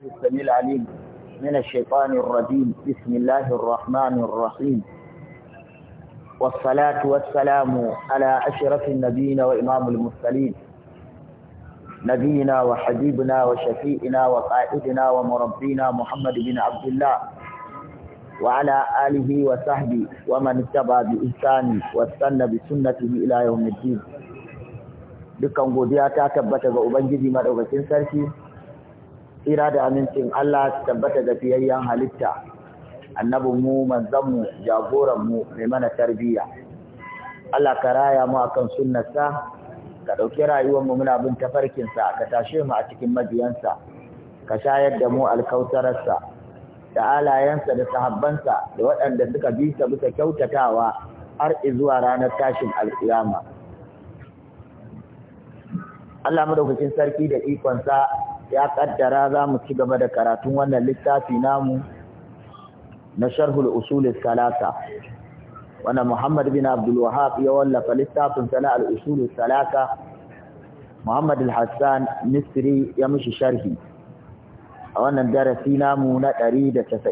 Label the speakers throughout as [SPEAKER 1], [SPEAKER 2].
[SPEAKER 1] السميع العليم من الشيطان الرجيم بسم الله الرحمن الرحيم والصلاة والسلام على أشرف النبيين وإمام المرسلين نبينا وحبيبنا وشفيئنا وقائدنا ومربينا محمد بن عبد الله وعلى آله وصحبه ومن اتبع بإحسان واستنى بسنته إلى يوم الدين dukkan godiya ta tabbata ga Ubangiji madaukakin tsira da amincin Allah tabbata ga fiyayyen halitta annabin mu manzon mu jagoran mu mai mana tarbiyya Allah ka raya mu akan sunnarsa ka ɗauki rayuwar mu muna bin tafarkin ka tashe mu a cikin majiyansa, ka shayar da mu alkautararsa da alayansa da sahabbansa da waɗanda suka bi sa bisa kyautatawa har zuwa ranar tashin alkiyama Allah madaukakin sarki da ikonsa ya kaddara za mu ci gaba da karatun wannan littafi namu na sharhul usulis salasa wanda Muhammad bin Abdul Wahab ya wallafa littafin sana al usulis salasa Muhammad al-Hassan Misri ya mishi sharhi a wannan darasi namu na 194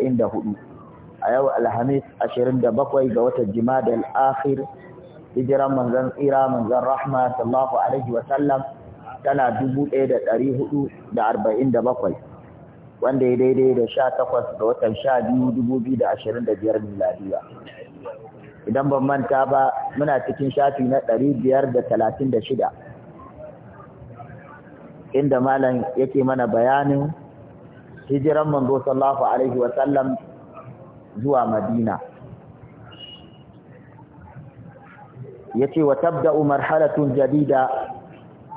[SPEAKER 1] a yau alhamis 27 ga watan jima'a al-Akhir hijiran manzon tsira manzon rahma sallallahu alaihi wa sallam tana dubu ɗaya da ɗari hudu da arba'in da bakwai wanda ya daidai da sha takwas ga watan sha biyu dubu biyu da ashirin da biyar miladiya idan ban manta ba muna cikin shafi na ɗari biyar da talatin da shida inda malam yake mana bayanin hijiran manzo sallallahu alaihi wa sallam zuwa madina yace wa tabda'u marhalatun jadida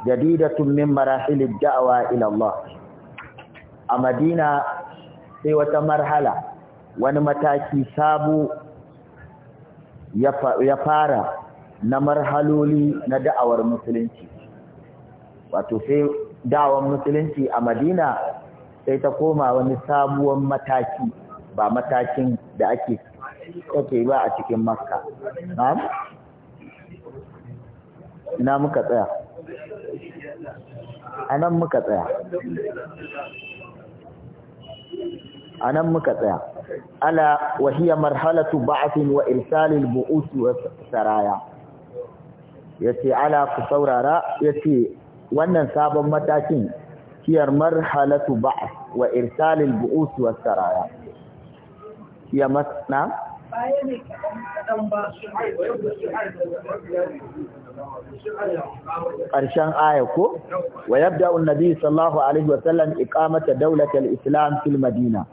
[SPEAKER 1] jadidatun min marahilid da'awa ila Allah a Madina sai wata marhala wani mataki sabu ya fara na marhaloli na da'awar musulunci wato sai da'awar musulunci a Madina sai ta koma wani sabuwar mataki ba matakin da ake ba a cikin makka na muka tsaya
[SPEAKER 2] a nan muka tsaya
[SPEAKER 1] a muka tsaya ala wahiyar marhalatu ba'afin wa irsalil bu'usu wa saraya yace ce ala ku saurara yace wannan sabon matakin kiyar marhalatu ba'af wa irsalil bu'usu wa saraya kiyar masna ƙarshen aya ko wa yabda annabi sallallahu alaihi wa sallam iqamata dawlatil islam fil madina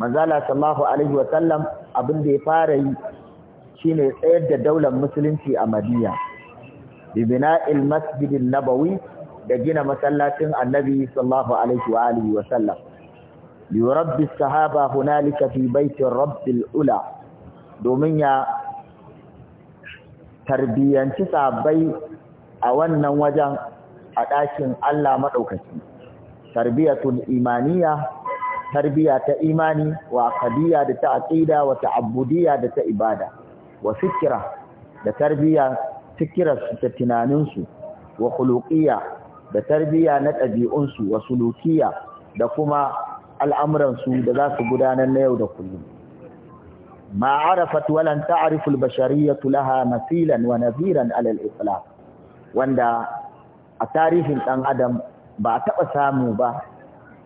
[SPEAKER 1] manzala sallallahu alaihi wa sallam abin da ya fara yi shine tsayar da daular musulunci a madina bi bina'il masjidin nabawi da gina masallacin annabi sallallahu alaihi wa alihi wa sallam liyurabbi sahaba hunalika fi baitin rabbil ula domin ya tarbiyyanci sabai a wannan wajen a ɗakin Allah maɗaukaki tarbiyatun imaniya tarbiya ta imani wa aqidiyya da ta aqida wa ta'abbudiyya da ta ibada wa fikra da tarbiya fikrar da tunanin su wa khuluqiyya da tarbiya na ɗabi'unsu wa sulukiyya da kuma al'amuransu da za su gudanar na yau da kullum. Ma'arafat walan ta'ariful bashariyatu laha masilan wa naziran alal islam wanda a tarihin ɗan adam ba a taɓa samu ba,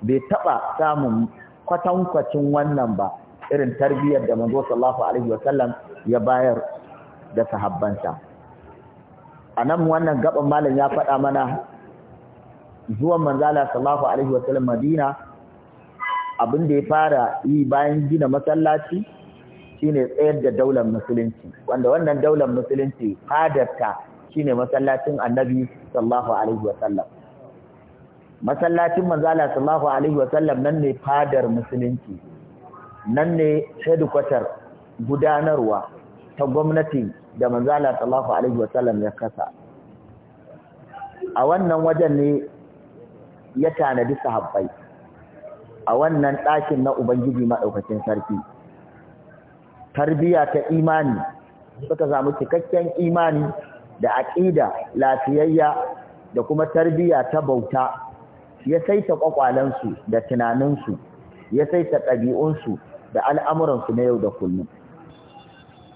[SPEAKER 1] bai taɓa samun kwatankwacin wannan ba irin tarbiyyar da manzo Sallahu alaihi wasallam ya bayar da sahabbansa. A nan wannan gaban malam ya faɗa mana zuwan manzala Sallahu alaihi wasallam Madina abin da ya fara yi bayan gina masallaci shine tsayar da daular musulunci wanda wannan daular musulunci fadarta shine masallacin annabi sallallahu alaihi wa sallam. masallacin manzala sallallahu alaihi wa sallam, nan ne fadar musulunci nan ne headquarter gudanarwa ta gwamnati da manzala sallallahu alaihi wa sallam, ya kasa a wannan wajen ne ya tanadi sahabbai a wannan ɗakin na Ubangiji maɗaukacin sarki. Tarbiya ta imani suka samu cikakken imani da aƙida lafiyayya da kuma tarbiya ta bauta ya saita ƙwaƙwalensu da tunaninsu ya saita ɗabi'unsu da al'amuransu na yau da kullum.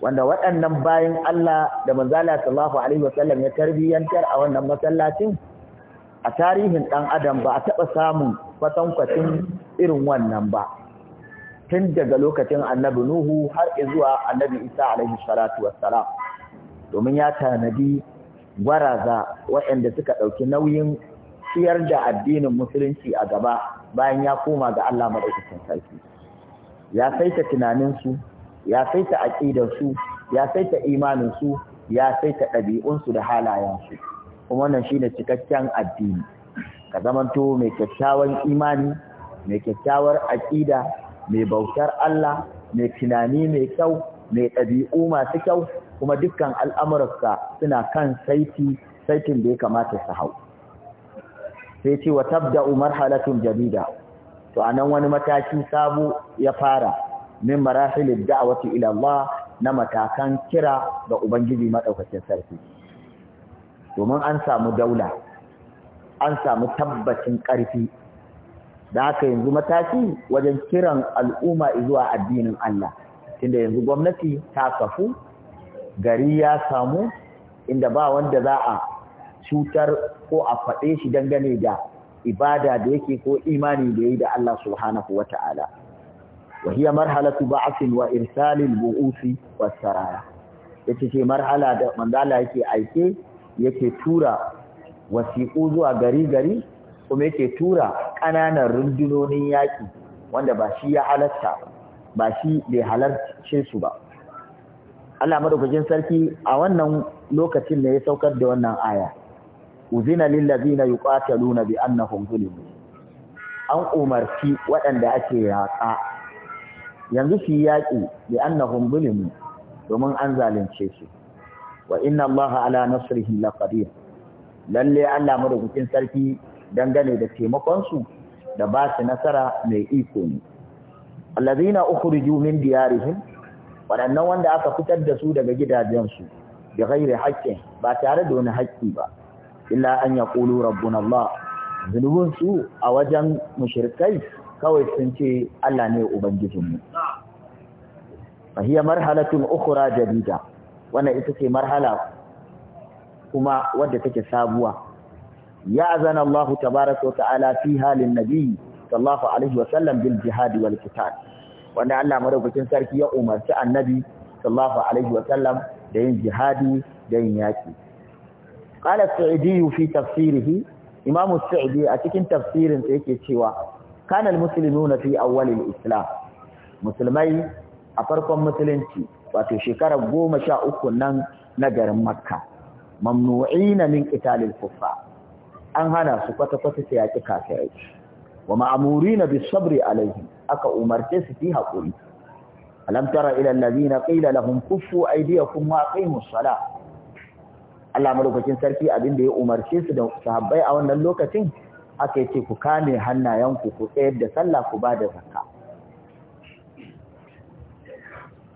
[SPEAKER 1] Wanda waɗannan bayan Allah da manzala sallahu Alaihi wasallam ya tarbiyyantar a wannan masallacin a tarihin ɗan adam ba a taɓa samun kwatankwacin irin wannan ba tun daga lokacin annabi Nuhu har zuwa annabi Isa alaihi salatu wassalam domin ya tanadi gwaraza waɗanda suka ɗauki nauyin ciyar da addinin musulunci a gaba bayan ya koma ga Allah maɗaukakin sarki ya saita tunaninsu ya saita aƙidarsu ya saita imaninsu ya saita ɗabi'unsu da halayensu kuma wannan shine cikakken addini ka zamanto mai kyakkyawan imani mai kyakkyawar aƙida mai bautar Allah mai tunani mai kyau mai ɗabi'u masu kyau kuma dukkan al'amuransa suna kan saiti saitin da ya kamata su hau sai ce wa Umar marhalatun jadida to a nan wani mataki sabo ya fara min marahilid da'wati ila Allah na matakan kira ga Ubangiji maɗaukacin sarki domin an samu daula an samu tabbacin ƙarfi da haka yanzu mataki wajen kiran al'umma zuwa addinin Allah tunda yanzu gwamnati ta kafu gari ya samu inda ba wanda za a cutar ko a faɗe shi dangane da ibada da yake ko imani da yayi da Allah subhanahu wata'ala wa hiya marhalatu ba'sin wa irsalil bu'usi was saraya yace ce marhala da manzala yake aike yake tura wasiƙu zuwa gari gari kuma yake tura ƙananan rundunonin yaƙi wanda ba shi ya halarta ba shi bai halarce su ba Allah madaukakin sarki a wannan lokacin ne ya saukar da wannan aya uzina lil ladina yuqataluna bi annahum zulimu an umarci waɗanda ake yaƙa yanzu shi yaƙi bi annahum zulimu domin an zalunce su wa inna allaha ala nasrihi laqadir lalle Allah madaukakin sarki dangane da taimakonsu da ba su nasara mai iko ne. Allazina ukhriju min diyarihim waɗannan wanda aka fitar da su daga gidajensu bi ghairi haqqin ba tare da wani haƙƙi ba illa an yaqulu rabbuna Allah zunubun su a wajen mushrikai kawai sun ce Allah ne ubangijinmu fa hiya marhalatun ukhra jadida wannan ita ce marhala kuma wadda take sabuwa ya azana Allah tabaraka ta'ala fi halin nabi sallallahu alaihi wa sallam bil jihadi wal qital wanda Allah madaukakin sarki ya umarci annabi sallallahu alaihi wa sallam da yin jihadi da yin yaƙi. qala as fi tafsirihi imam as-sa'idi a cikin tafsirin sa yake cewa kanal al-muslimuna fi awwal al-islam musulmai a farkon musulunci wato shekarar goma sha uku nan na garin makka mamnu'ina min qital al an hana su kwata-kwata su yaƙi kafirai wa ma'amuri na bisabri alaihi aka umarce su fi haƙuri alam tara ila allazina qila lahum kuffu aydiyakum wa aqimus sala Allah malukacin sarki abin da ya umarce su da sahabbai a wannan lokacin aka yace ku kame hannayenku ku tsayar da sallah ku ba da zakka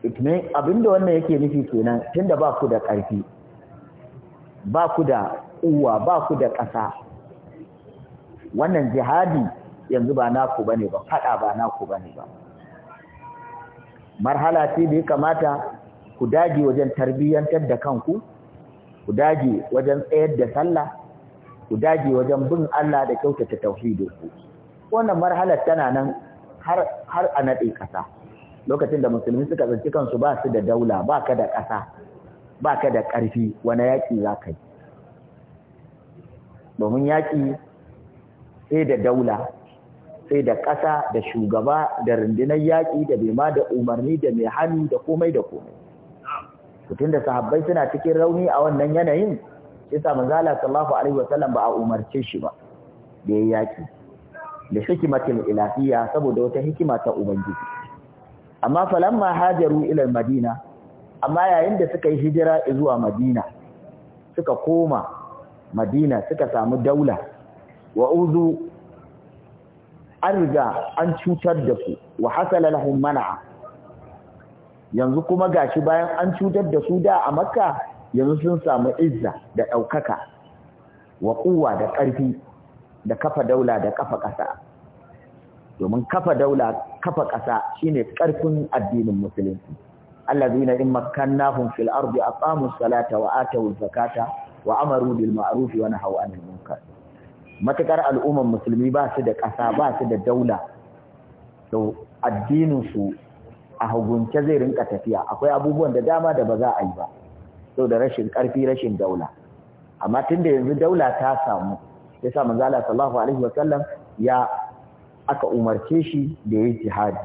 [SPEAKER 1] abin abinda wannan yake nufi kenan tunda ba ku da ƙarfi ba ku da uwa ba ku da ƙasa wannan jihadi yanzu ba naku bane ba fada ba naku bane ba marhala ce da ya kamata ku dage wajen tarbiyyantar da kanku ku dage wajen tsayar da sallah ku dage wajen bin Allah da kyautata tauhidin ku wannan marhalar tana nan har har a nade ƙasa lokacin da musulmi suka tsinci kansu ba su da daula ba ka da ƙasa ba ka da ƙarfi wani yaƙi za ka yi domin yaƙi sai da daula sai da ƙasa da shugaba da rundunar yaƙi da ma da umarni da mai hannu da komai da komai mutum da sahabbai suna cikin rauni a wannan yanayin sai sa manzala sallallahu alaihi wasallam ba a umarce shi ba da ya yaƙi da hikimatin ilafiya saboda wata hikima ta ubangiji amma falamma hajaru ilar madina amma yayin da suka yi hijira zuwa madina suka koma madina suka samu daula wa uzu an riga an cutar da su wa hasala lahum mana'a yanzu kuma gashi bayan an cutar da su da a makka yanzu sun samu izza da ɗaukaka wa kuwa da ƙarfi da kafa daula da kafa ƙasa domin kafa daula kafa ƙasa shine ƙarfin addinin musulunci allazina in makkannahum fil ardi aqamu salata wa atu zakata wa amaru bil ma'ruf wa nahaw anil munkar matakar al'umman musulmi ba su da ƙasa ba su da daula to addinin su a hagunce zai rinka tafiya akwai abubuwan da dama da ba za a yi ba sau da rashin ƙarfi rashin daula amma tun da yanzu daula ta samu ya sa manzala sallallahu alaihi sallam, ya aka umarce shi da ya jihadi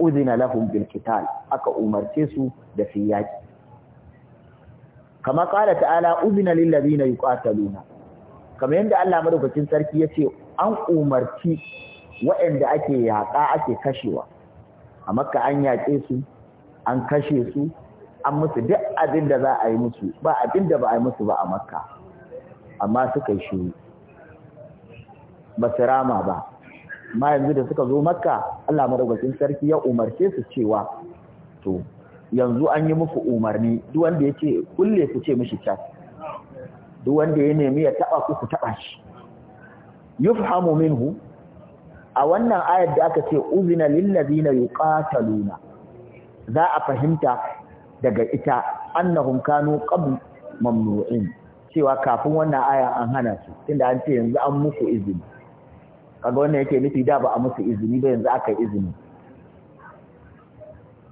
[SPEAKER 1] uzina lahum bil qital aka umarce su da su kama qala ta'ala uzina lil ladina yuqataluna kamar yanda Allah madaukakin sarki yace an umarci waɗanda ake yaƙa ake kashewa a makka an yaƙe su an kashe su an musu duk abin da za a yi musu ba abin da ba a yi musu ba a makka amma suka yi shiru ba su rama ba ma yanzu da suka zo makka Allah madaukakin sarki ya umarce su cewa to yanzu an yi muku umarni duk wanda yake kulle ku ce mishi cas duk wanda ya nemi ya taba ku ku taba shi yufhamu minhu a wannan ayar da aka ce uzina lil ladina yuqataluna za a fahimta daga ita annahum kanu qabl mamnu'in cewa kafin wannan aya an hana su tunda an ce yanzu an muku izini kaga wannan yake nufi da ba a musu izini ba yanzu aka izini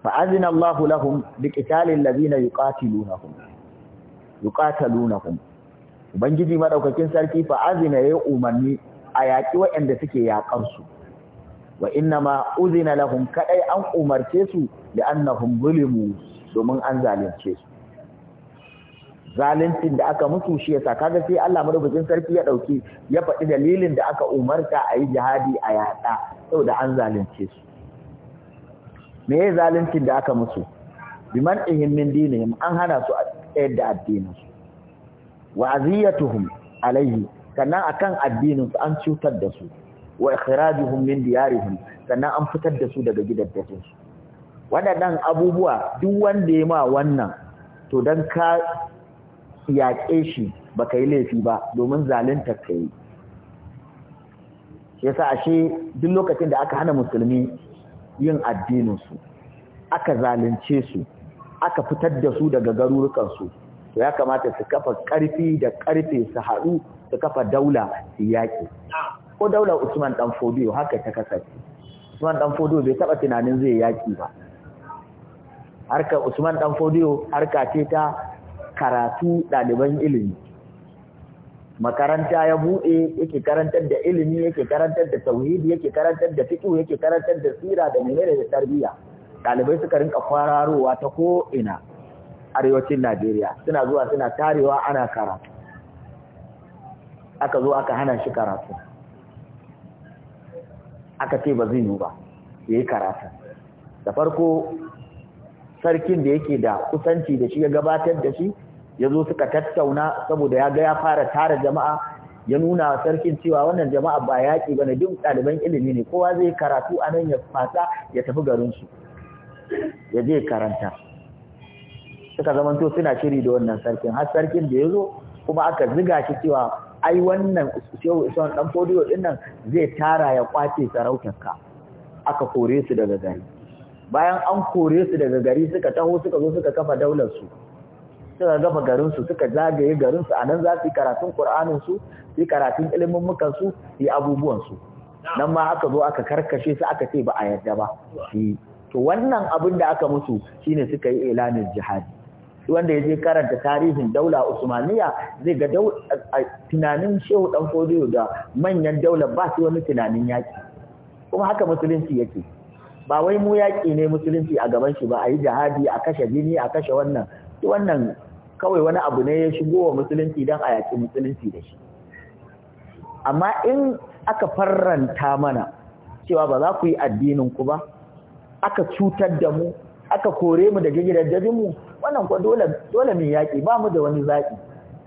[SPEAKER 1] fa azina Allahu lahum biqitalil ladina yuqatilunahum yuqatilunahum ubangiji madaukakin sarki fa azina yayi umarni a yaki waɗanda suke yakar su wa innama uzina lahum kadai an umarce su da annahum zulimu domin an zalunce su Zalincin da aka musu shi yasa ga sai Allah madaukakin sarki ya dauki ya faɗi dalilin da aka umarta a yi jihadi a yaɗa saboda an zalunce su me ya zaluncin da aka musu biman ihim min dinihim an hana su tsayar da addinin su wa aziyatuhum alaihi sannan akan addinin su an cutar da su wa ikhrajuhum min diyarihim sannan an fitar da su daga gidaddajin su waɗannan abubuwa duk wanda ya ma wannan to dan ka yaƙe shi ba ka yi laifi ba domin zalunta ka yi sa ashe duk lokacin da aka hana musulmi yin addininsu aka zalunce su aka fitar da su daga garurukansu to ya kamata su kafa ƙarfi da ƙarfe su haɗu su kafa daula su yaƙi ko daula usman danfodiyo haka ta kasance usman danfodiyo bai taɓa tunanin zai yaƙi ba harkar usman danfodiyo fodiyo harka ce ta karatu ɗaliban ilimi makaranta ya buɗe yake karantar da ilimi yake karantar da tauhidi yake karantar da fiqh yake karantar da tsira da menene da tarbiyya ɗalibai suka rinka kwararowa ta ko ina arewacin Najeriya suna zuwa suna tarewa ana karatu aka zo aka hana shi karatu aka ce ba zai yi ba ya yi karatu da farko sarkin da yake da kusanci da shi ya gabatar da shi ya zo suka tattauna saboda ya ga ya fara tara jama'a ya nuna sarkin cewa wannan jama'a ba yaƙi ba na duk ɗaliban ilimi ne kowa zai karatu a nan ya fasa ya tafi garinsu ya je karanta suka zamanto suna shiri da wannan sarkin har sarkin da ya zo kuma aka ziga shi cewa ai wannan shehu isa'un dan fodiyo din nan zai tara ya kwace sarautarka aka kore su daga gari bayan an kore su daga gari suka taho suka zo suka kafa daular su suka gaba garinsu suka zagaye garinsu a nan za su yi karatun ƙur'aninsu su yi karatun ilimin mukansu su yi abubuwansu nan ma aka zo aka karkashe su aka ce ba a yarda ba to wannan abin da aka musu ne suka yi ilanin jihadi wanda ya je karanta tarihin daula usmaniya zai ga tunanin shehu ɗan fodiyo da manyan daular ba su wani tunanin yaƙi, kuma haka musulunci yake ba wai mu yaki ne musulunci a gaban shi ba a yi jihadi a kashe jini a kashe wannan wannan kawai wani abu ne ya shigo wa musulunci don a yaƙi musulunci da shi amma in aka farranta mana cewa ba za ku yi addininku ba aka cutar da mu aka kore mu da mu wannan kuwa dole mai yaƙi ba mu da wani zaƙi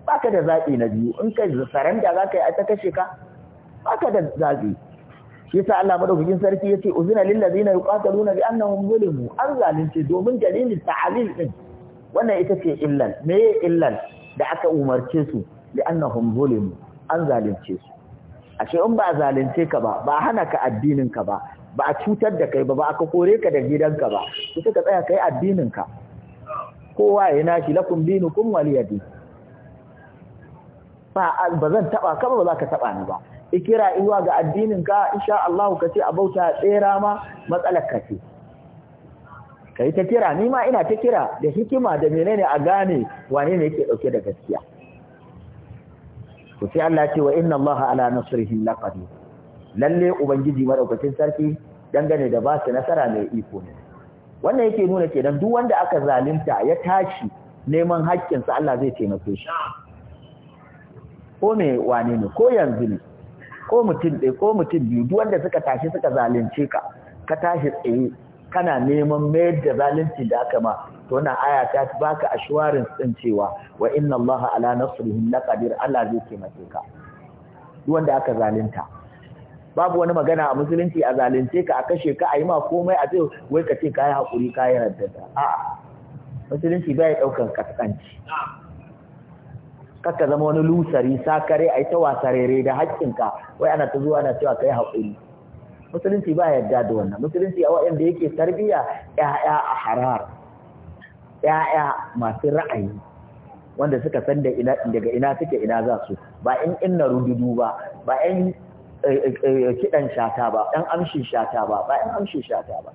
[SPEAKER 1] ba ka da zaƙi na biyu in ka saranda za ka yi a ta kashe ka ba ka da zaƙi shi sa Allah madaukakin sarki ya ce uzina zinar yuqataluna bi annahum zulimu an zalunce domin dalilin ta'alil din wannan ita ce illan me illan da aka umarce su li annahum mu an zalunce su ce in ba a zalunce ka ba ba a hana ka addinin ka ba ba a cutar da kai ba ba aka kore ka da gidanka ba sai ka tsaya kai addinin ka kowa ya nashi lakum kun waliyadi ba ba zan taba ka ba za ka taba ni ba ikira iwa ga addinin ka insha Allah ka ce a bauta tsera ma matsalar ka ce kai ta kira ni ma ina ta kira da hikima da menene a gane wane ne yake dauke da gaskiya to sai Allah ce wa inna Allah ala nasrihi laqadir lalle ubangiji madaukakin sarki dangane da ba su nasara mai iko ne wannan yake nuna kenan duk wanda aka zalunta ya tashi neman haƙƙinsa Allah zai taimake shi ko ne wane ne ko yanzu ne ko mutum ɗaya ko mutum biyu duk wanda suka tashi suka zalunce ka ka tashi tsaye kana neman mayar da zalunci da aka ma to wannan aya ta baka ashwarin din cewa wa inna allaha ala nasrihim laqadir Allah zai taimake ka duk wanda aka zalunta babu wani magana a musulunci a zalunce ka a kashe ka a yi ma komai a zai wai ka ce ka yi haƙuri ka yi a a'a musulunci bai ɗaukar kaskanci kaka zama wani lusari sakare a yi ta wasarere da haƙƙinka wai ana ta zuwa ana cewa ka yi haƙuri musulunci ba yadda da wannan musulunci a da yake tarbiya 'ya'ya a harar 'ya'ya masu ra'ayi wanda suka san daga ina suke ina za su ba in inna rududu ba ba in eh, eh, eh, kidan shata ba ɗan amshin shata ba ba in amshin shata ba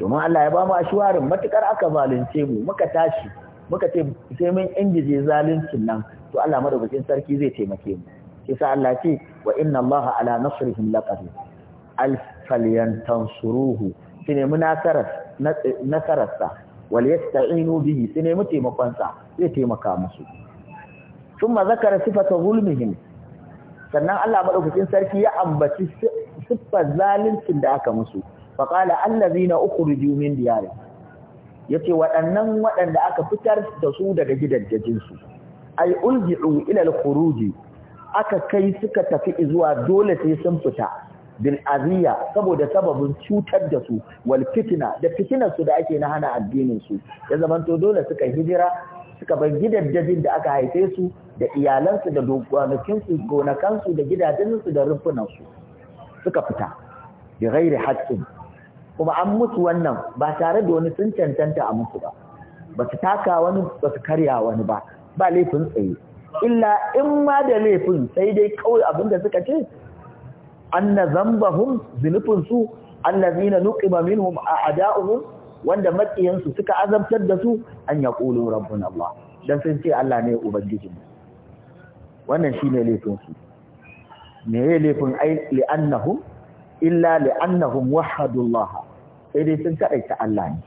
[SPEAKER 1] domin Allah ya ba mu ashwarin matukar aka zalunce mu muka tashi muka ce sai mun injije zaluncin nan to Allah madaukakin sarki zai taimake mu yasa Allah ce wa inna Allah ala nasrihim laqadir alf falyantansuruhu sine munasarar nasararsa wal yasta'inu bihi sine mu taimakon sa zai taimaka musu thumma zakara sifata zulmihim sannan Allah madaukakin sarki ya ambaci siffar zaluncin da aka musu faqala allazina ukhriju min diyarihim yace waɗannan waɗanda aka fitar da su daga gidajensu ay ulji'u ila al-khuruji aka kai suka tafi zuwa dole sai sun fita bil aziya saboda sababin cutar da su wal fitina da fitinar su da ake na hana addinin su ya zamanto dole suka hijira suka bar gidaddajin da aka haife su da iyalansu da gonakin su gonakan su da gidajen su da rufunan su suka fita bi ghairi haqqin kuma an mutu wannan ba tare da wani sun cancanta a musu ba ba su taka wani ba su karya wani ba ba laifin tsaye illa in ma da laifin sai dai kawai abinda suka ce anna zambahum zunufin su allazina nuqima minhum a'da'uhum wanda makiyansu suka azabtar da su an yaqulu rabbuna Allah dan sun ce Allah ne ubangijinmu wannan shine laifin su me ne laifin ai li'annahum illa li'annahum wahadullah sai dai sun kadaita Allah ne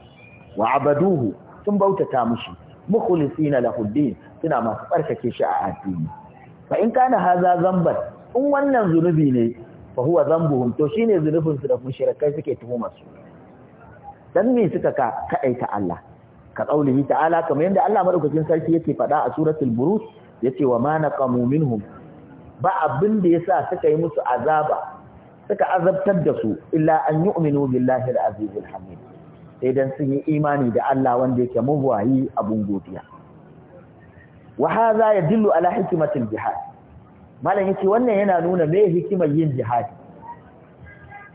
[SPEAKER 1] wa abaduhu sun bautata mushi mukhlisina lahu din suna masu ɓarkake shi a addini fa in kana haza zambar. in wannan zunubi ne fa huwa zambuhum to shine zunubin su da mushrikai suke tuhumar su dan me suka ka kadaita Allah ka qaulihi ta'ala kamar yanda Allah madaukakin sarki yake faɗa a suratul burus yace wa ma naqamu minhum ba abin da yasa suka yi musu azaba suka azabtar da su illa an yu'minu billahi al-azizil hamid sai dan sun yi imani da Allah wanda yake mubwayi abun godiya wa hadha yadullu ala hikmatil jihad malam yace wannan yana nuna me hikimar yin jihadi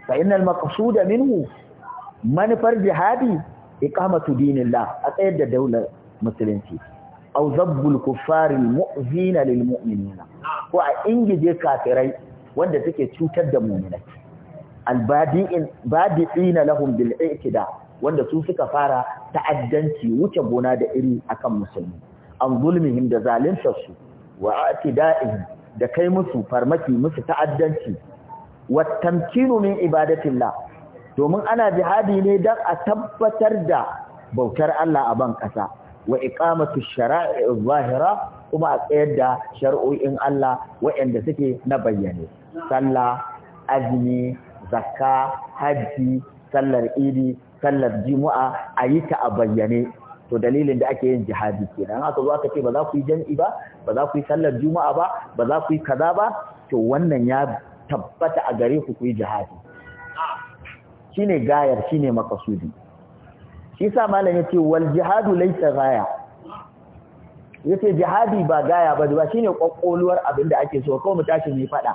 [SPEAKER 1] fa innal maqsuda minhu manufar jihadi iqamatu dinillah a tsayar da daular musulunci aw zabbul kuffari mu'zina lil mu'minina ko a ingije kafirai wanda take cutar da mu'minai albadi'in badi'ina lahum bil i'tida wanda su suka fara ta'addanci wuce gona da iri akan musulmi an zulmihim da su, wa atida'ihim da kai musu farmaki musu ta'addanci wa tamkinu min ibadatillah domin ana jihadi ne dan a tabbatar da bautar Allah a ban kasa wa iqamatu shara'i zahira kuma a tsayar da shar'o'in Allah waɗanda suke na bayyane sallah azmi zakka hajji sallar idi sallar Jumu'a, a yi ta a bayyane to dalilin da ake yin jihadi kenan aka zo aka ce ba za ku yi jan'i ba ba za ku yi sallar juma'a ba ba za ku yi kaza ba to wannan ya tabbata a gare ku ku yi jihadi shine gayar shine makasudi shi sa malam yace wal jihadu laysa gaya yace jihadi ba gaya ba ba shine kokkoluwar abin da ake so kawai mu tashi mu faɗa.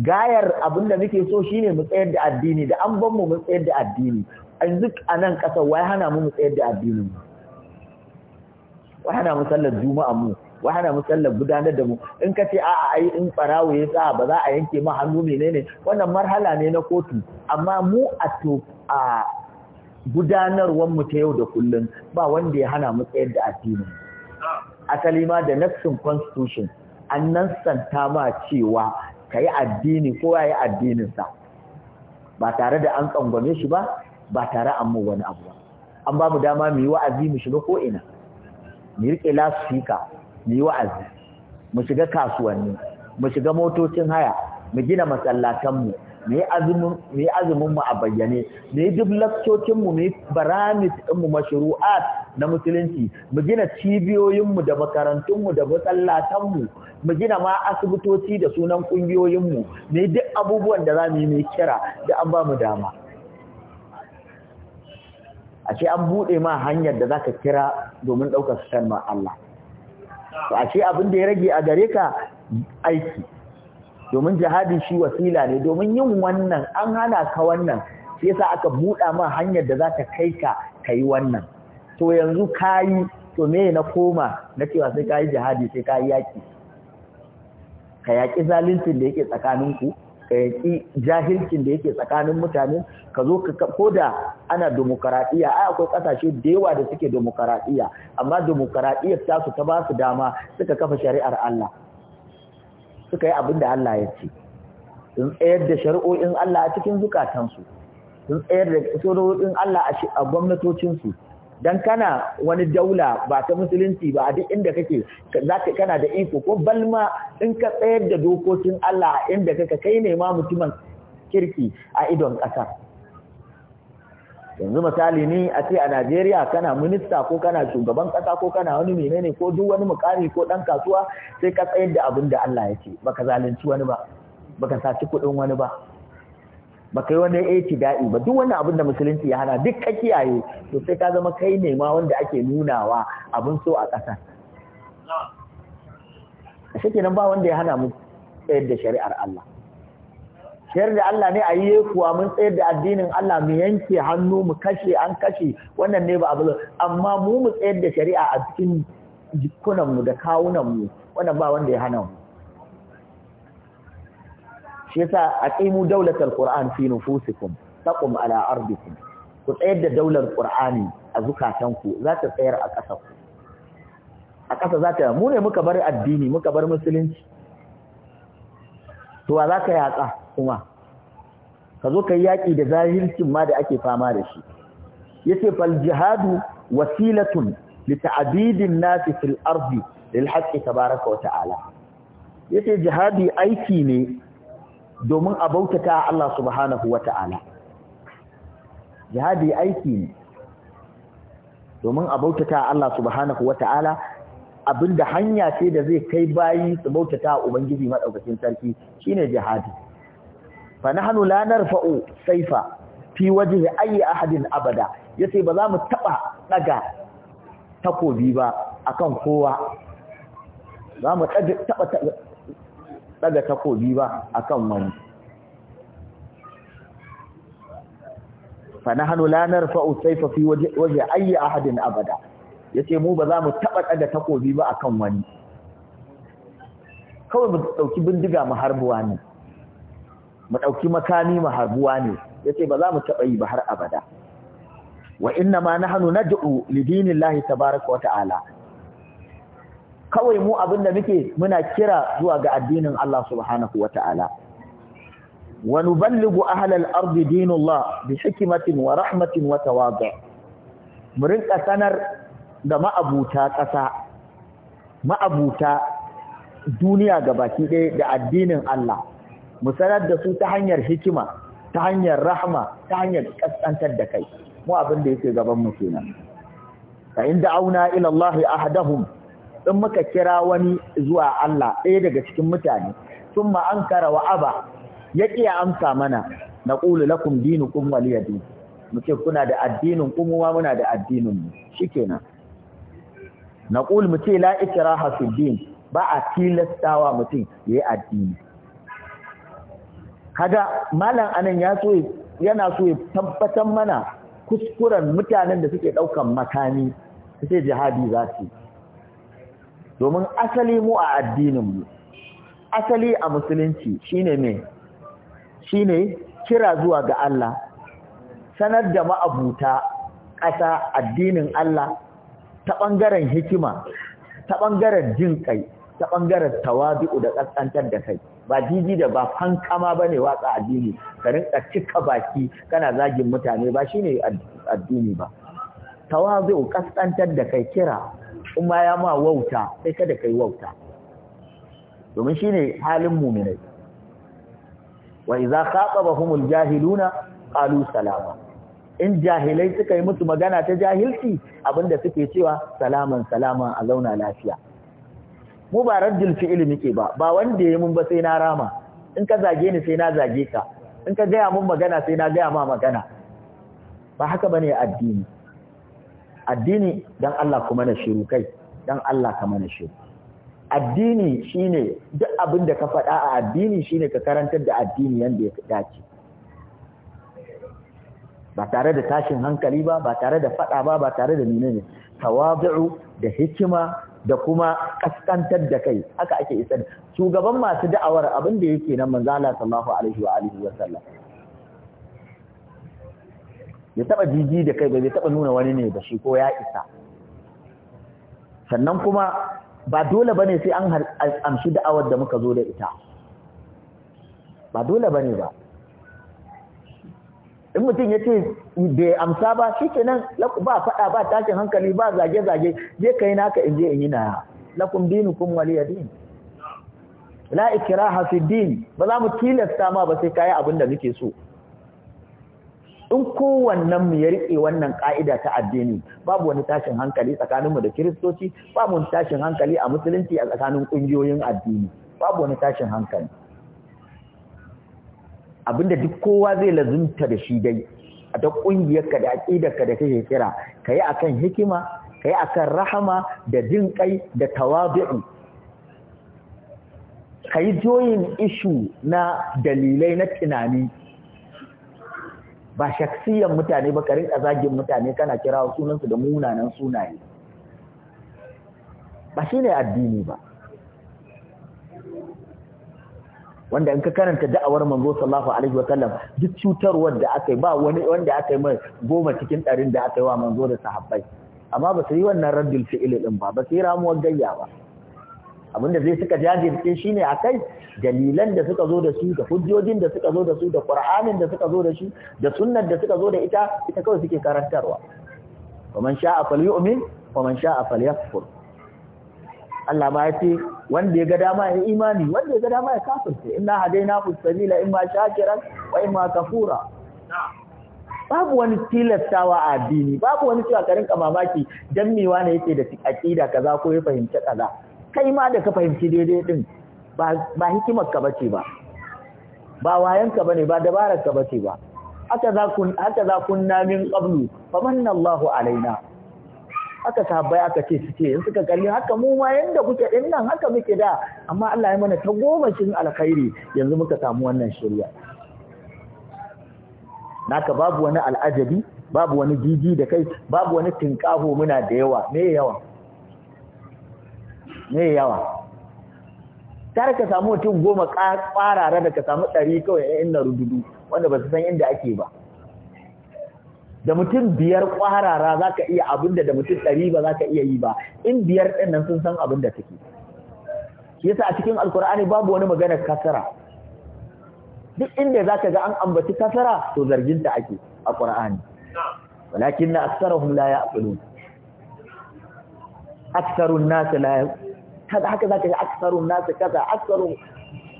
[SPEAKER 1] gayar abin da muke so shine mu tsayar da addini da an ban mu mu tsayar da addini a a nan ƙasar wai hana mu tsayar da addinin mu wai hana mu sallar juma'a mu wai hana mu sallar gudanar da mu in ka ce a'a ai in farawo ya sa ba za a yanke ma hannu menene wannan marhala ne na kotu amma mu a to a gudanarwar mu ta yau da kullun ba wanda ya hana mu tsayar da addinin asali ma da nassin constitution an nan santa ma cewa ka addini ko yayi yi addininsa ba tare da an tsangwame shi ba ba tare an mu wani abu ba an ba mu dama mu yi wa'azi mu shiga ko ina mu rike lasfika mu yi wa'azi mu shiga kasuwanni mu shiga motocin haya mu gina masallatanmu mu yi azumin mu a bayyane mu yi duk lakcocinmu mu yi baramis ɗinmu mashru'at na musulunci mu gina cibiyoyinmu da makarantunmu da masallatan mu gina ma asibitoci da sunan ƙungiyoyinmu mu yi duk abubuwan da za mu yi mu kira da an ba mu dama ce an buɗe ma hanyar da zaka kira domin ɗaukar ma Allah to ce abin da ya rage a gare ka aiki domin jihadin shi wasila ne domin yin wannan an hana ka wannan sai yasa aka buɗa ma hanyar da zaka kai ka yi wannan to yanzu ka yi to me na koma na cewa sai yi jihadi sai ka yi yaƙi ka yaki zaluncin da yake tsakaninku ku ka jahilcin da yake tsakanin mutane ka zo ka da ana demokaraɗiyya ai akwai ƙasashe da yawa da suke demokaraɗiyya amma demokaradiyyar ta su ta ba su dama suka kafa shari'ar Allah suka yi abin da Allah ya ce sun tsayar da shari'o'in Allah a cikin zukatansu sun tsayar da shari'o'in Allah a gwamnatocinsu dan kana wani daula ba ta musulunci ba a duk inda kake zaka kana da iko ko balma in ka tsayar da dokokin Allah inda kaka kai ne ma mutumin kirki a idon ƙasa yanzu misali ni a ce a Najeriya kana minista ko kana shugaban kasa ko kana wani menene ko duk wani mukami ko dan kasuwa sai ka tsayar da abin da Allah ya ce baka zalunci wani ba baka saci kuɗin wani ba ba kai wani daɗi ba duk wani abin da musulunci ya hana duk ka kiyaye to sai ka zama kai ne ma wanda ake nunawa abin so a ƙasar shi kenan ba wanda ya hana mu tsayar da shari'ar Allah shayar da Allah ne a yi kuwa mun tsayar da addinin Allah mu yanke hannu mu kashe an kashe wannan ne ba abu amma mu mu tsayar da shari'a a cikin jikunanmu da kawunanmu wannan ba wanda ya hana mu shi yasa aqimu dawlatal qur'an fi nufusikum taqum ala ardikum ku tsayar da daular qur'ani a zukatanku za ta tsayar a ƙasa ku a ƙasa za ta mu ne muka bar addini muka bar musulunci to wa za ka yaƙa kuma ka zo ka yi yaƙi da zahircin ma da ake fama da shi yace fal jihadu wasilatun li ta'bidin nasi fil ardi lil haqqi tabaaraka wa ta'ala yace jihadi aiki ne domin a bautata Allah subhanahu wa ta'ala. Jihadi aiki ne, domin a bautata Allah subhanahu wa ta'ala abinda hanya ce da zai kai bayi su bautata Ubangiji maɗaukacin sarki shine jihadi. Fa na hannu lanar fa'o saifa fi waje ayi ahadin abada, ya ce ba za mu taɓa ɗaga takobi ba kan kowa. Za mu taɓa Daga takobi ba a kan wani fa nahnu la narfa'u sai fafi waje ayyi ahadin abada Ya ce mu ba za mu taɓa ɗaga takobi ba a kan wani kawai mu ɗauki bindiga mu harbuwa ne mu ɗauki makami mu harbuwa ne ce ba za mu taɓa yi ba har abada wa inna ma na hannu nahnu nad'u li dinillahi tabaaraka wa ta'ala kawai mu abinda muke muna kira zuwa ga addinin Allah subhanahu wa ta'ala. Wa nuballigu ahlal ardi dinullah bi hikimatin wa rahmatin wa tawadu. Mu rinka sanar da ma'abuta ƙasa, ma'abuta duniya ga baki ɗaya da addinin Allah. Mu sanar da su ta hanyar hikima, ta hanyar rahma, ta hanyar ƙasƙantar da kai. Mu abin da yake gaban mu kenan. Fa in auna ilallahi Allah ahadahum in muka kira wani zuwa Allah ɗaya daga cikin mutane sun ma'ankara wa aba ya ƙiya amsa mana na ƙulu lakum kun waliyadi mu ce kuna da addinin kuma muna da addinin mu shikenan na ƙulu ce la ikraha din ba a tilastawa mutum ya yi addini kaga malam anan ya so yana so ya tabbatar mana kuskuren mutanen da suke ɗaukan makami sai jihadi za su yi domin asali mu a addininmu asali a musulunci shine me shine kira zuwa ga Allah sanar da ma'abuta ƙasa addinin Allah ta ɓangaren hikima ta ɓangaren jin kai ta ɓangaren tawadu da ƙasƙantar da kai ba jiji da ba fankama ba ne watsa addini ka rinka cika baki kana zagin mutane ba shine addini ba tawabi'u ƙasƙantar da kai kira in ma ya ma wauta sai kada kai wauta domin shine halin mu'minai wa idza khatabahumul jahiluna qalu salama in jahilai suka yi musu magana ta jahilci abinda suke cewa salaman salama a zauna lafiya mu ba raddil fi'il muke ba ba wanda yayi mun ba sai na rama in ka zage ni sai na zage ka in ka gaya mun magana sai na gaya ma magana ba haka bane addini addini dan Allah kuma na shiru kai dan Allah kama na shiru addini shine duk abin da ka faɗa a addini shine ka karantar da addini yanda ya dace ba tare da tashin hankali ba ba tare da faɗa ba ba tare da menene tawadu'u da hikima da kuma kaskantar da kai haka ake isa shugaban masu da'awar abin da yake nan manzala sallallahu alaihi wa alihi wa sallam ya taba jiji da kai bai taba nuna wani ne ba shi ko ya isa sannan kuma ba dole bane sai an amshi da'awar da muka zo da ita ba dole bane ba in mutum ya ce bai amsa ba shi nan, ba faɗa ba tashin hankali ba zage-zage je ka yi naka in je in yi na lakum kun waliya din la ikraha hafi dini ba za mu tilasta ma ba sai kayi abin da muke so in kowannen mu ya riƙe wannan ƙa'ida ta addini babu wani tashin hankali tsakaninmu da kiristoci babu wani tashin hankali a musulunci a tsakanin ƙungiyoyin addini babu wani tashin hankali abinda duk kowa zai lazumta da shi dai a ta kungiyarka da ka da kake kira kai akan hikima kai akan rahama da jin kai da ka kai joyin ishu na dalilai na tunani ba shaksiyan mutane ba ka rinka zagin mutane kana kira sunansu da munanan sunaye ba shi ne addini ba wanda in ka karanta da'awar manzo sallallahu alaihi wa sallam duk cutarwar da aka yi ba wani wanda aka yi mai goma cikin ɗarin da aka yi wa manzo da sahabbai amma ba su yi wannan raddul fi'il din ba ba su yi ramuwar gayya ba abinda zai suka jajirce shi ne a kai dalilan da suka zo da su da hujjojin da suka zo da su da ƙur'anin da suka zo da shi da sunan da suka zo da ita ita kawai suke karantarwa sha faman sha'a falyu'min sha a falyakfur Allah ma ya ce wanda ya ga dama ya imani wanda ya ga dama ya kafirce inna hadaina in imma shakiran wa imma kafura babu wani tilastawa a addini babu wani cewa ka kamamaki mamaki dan mewa ne yake da aqida kaza ko ya fahimci kaza kai ma da ka fahimci daidai din ba hikimar ka bace ba ba wayan ka bane ba dabarar ka bace ba aka za kun aka za kunna min qablu manna Allahu alaina aka sahabbai aka ce suke in suka kalli haka mu ma yanda kuke din nan haka muke da amma Allah ya mana ta goma cikin alkhairi yanzu muka samu wannan shirya naka babu wani al'ajabi babu wani jiji da kai babu wani tinkaho muna da yawa me yawa me yawa kar ka samu mutum goma kwarara da ka samu ɗari kawai a na rududu wanda ba su san inda ake ba da mutum biyar kwarara za ka iya abin da mutum ɗari ba za ka iya yi ba in biyar ɗin nan sun san abin da take shi yasa a cikin alkur'ani babu wani magana kasara duk inda za ka ga an ambaci kasara to zarginta ake a ƙur'ani walakin na la ya'qilun aksarun nas la kaga haka zaka ga aksarun nasu kaza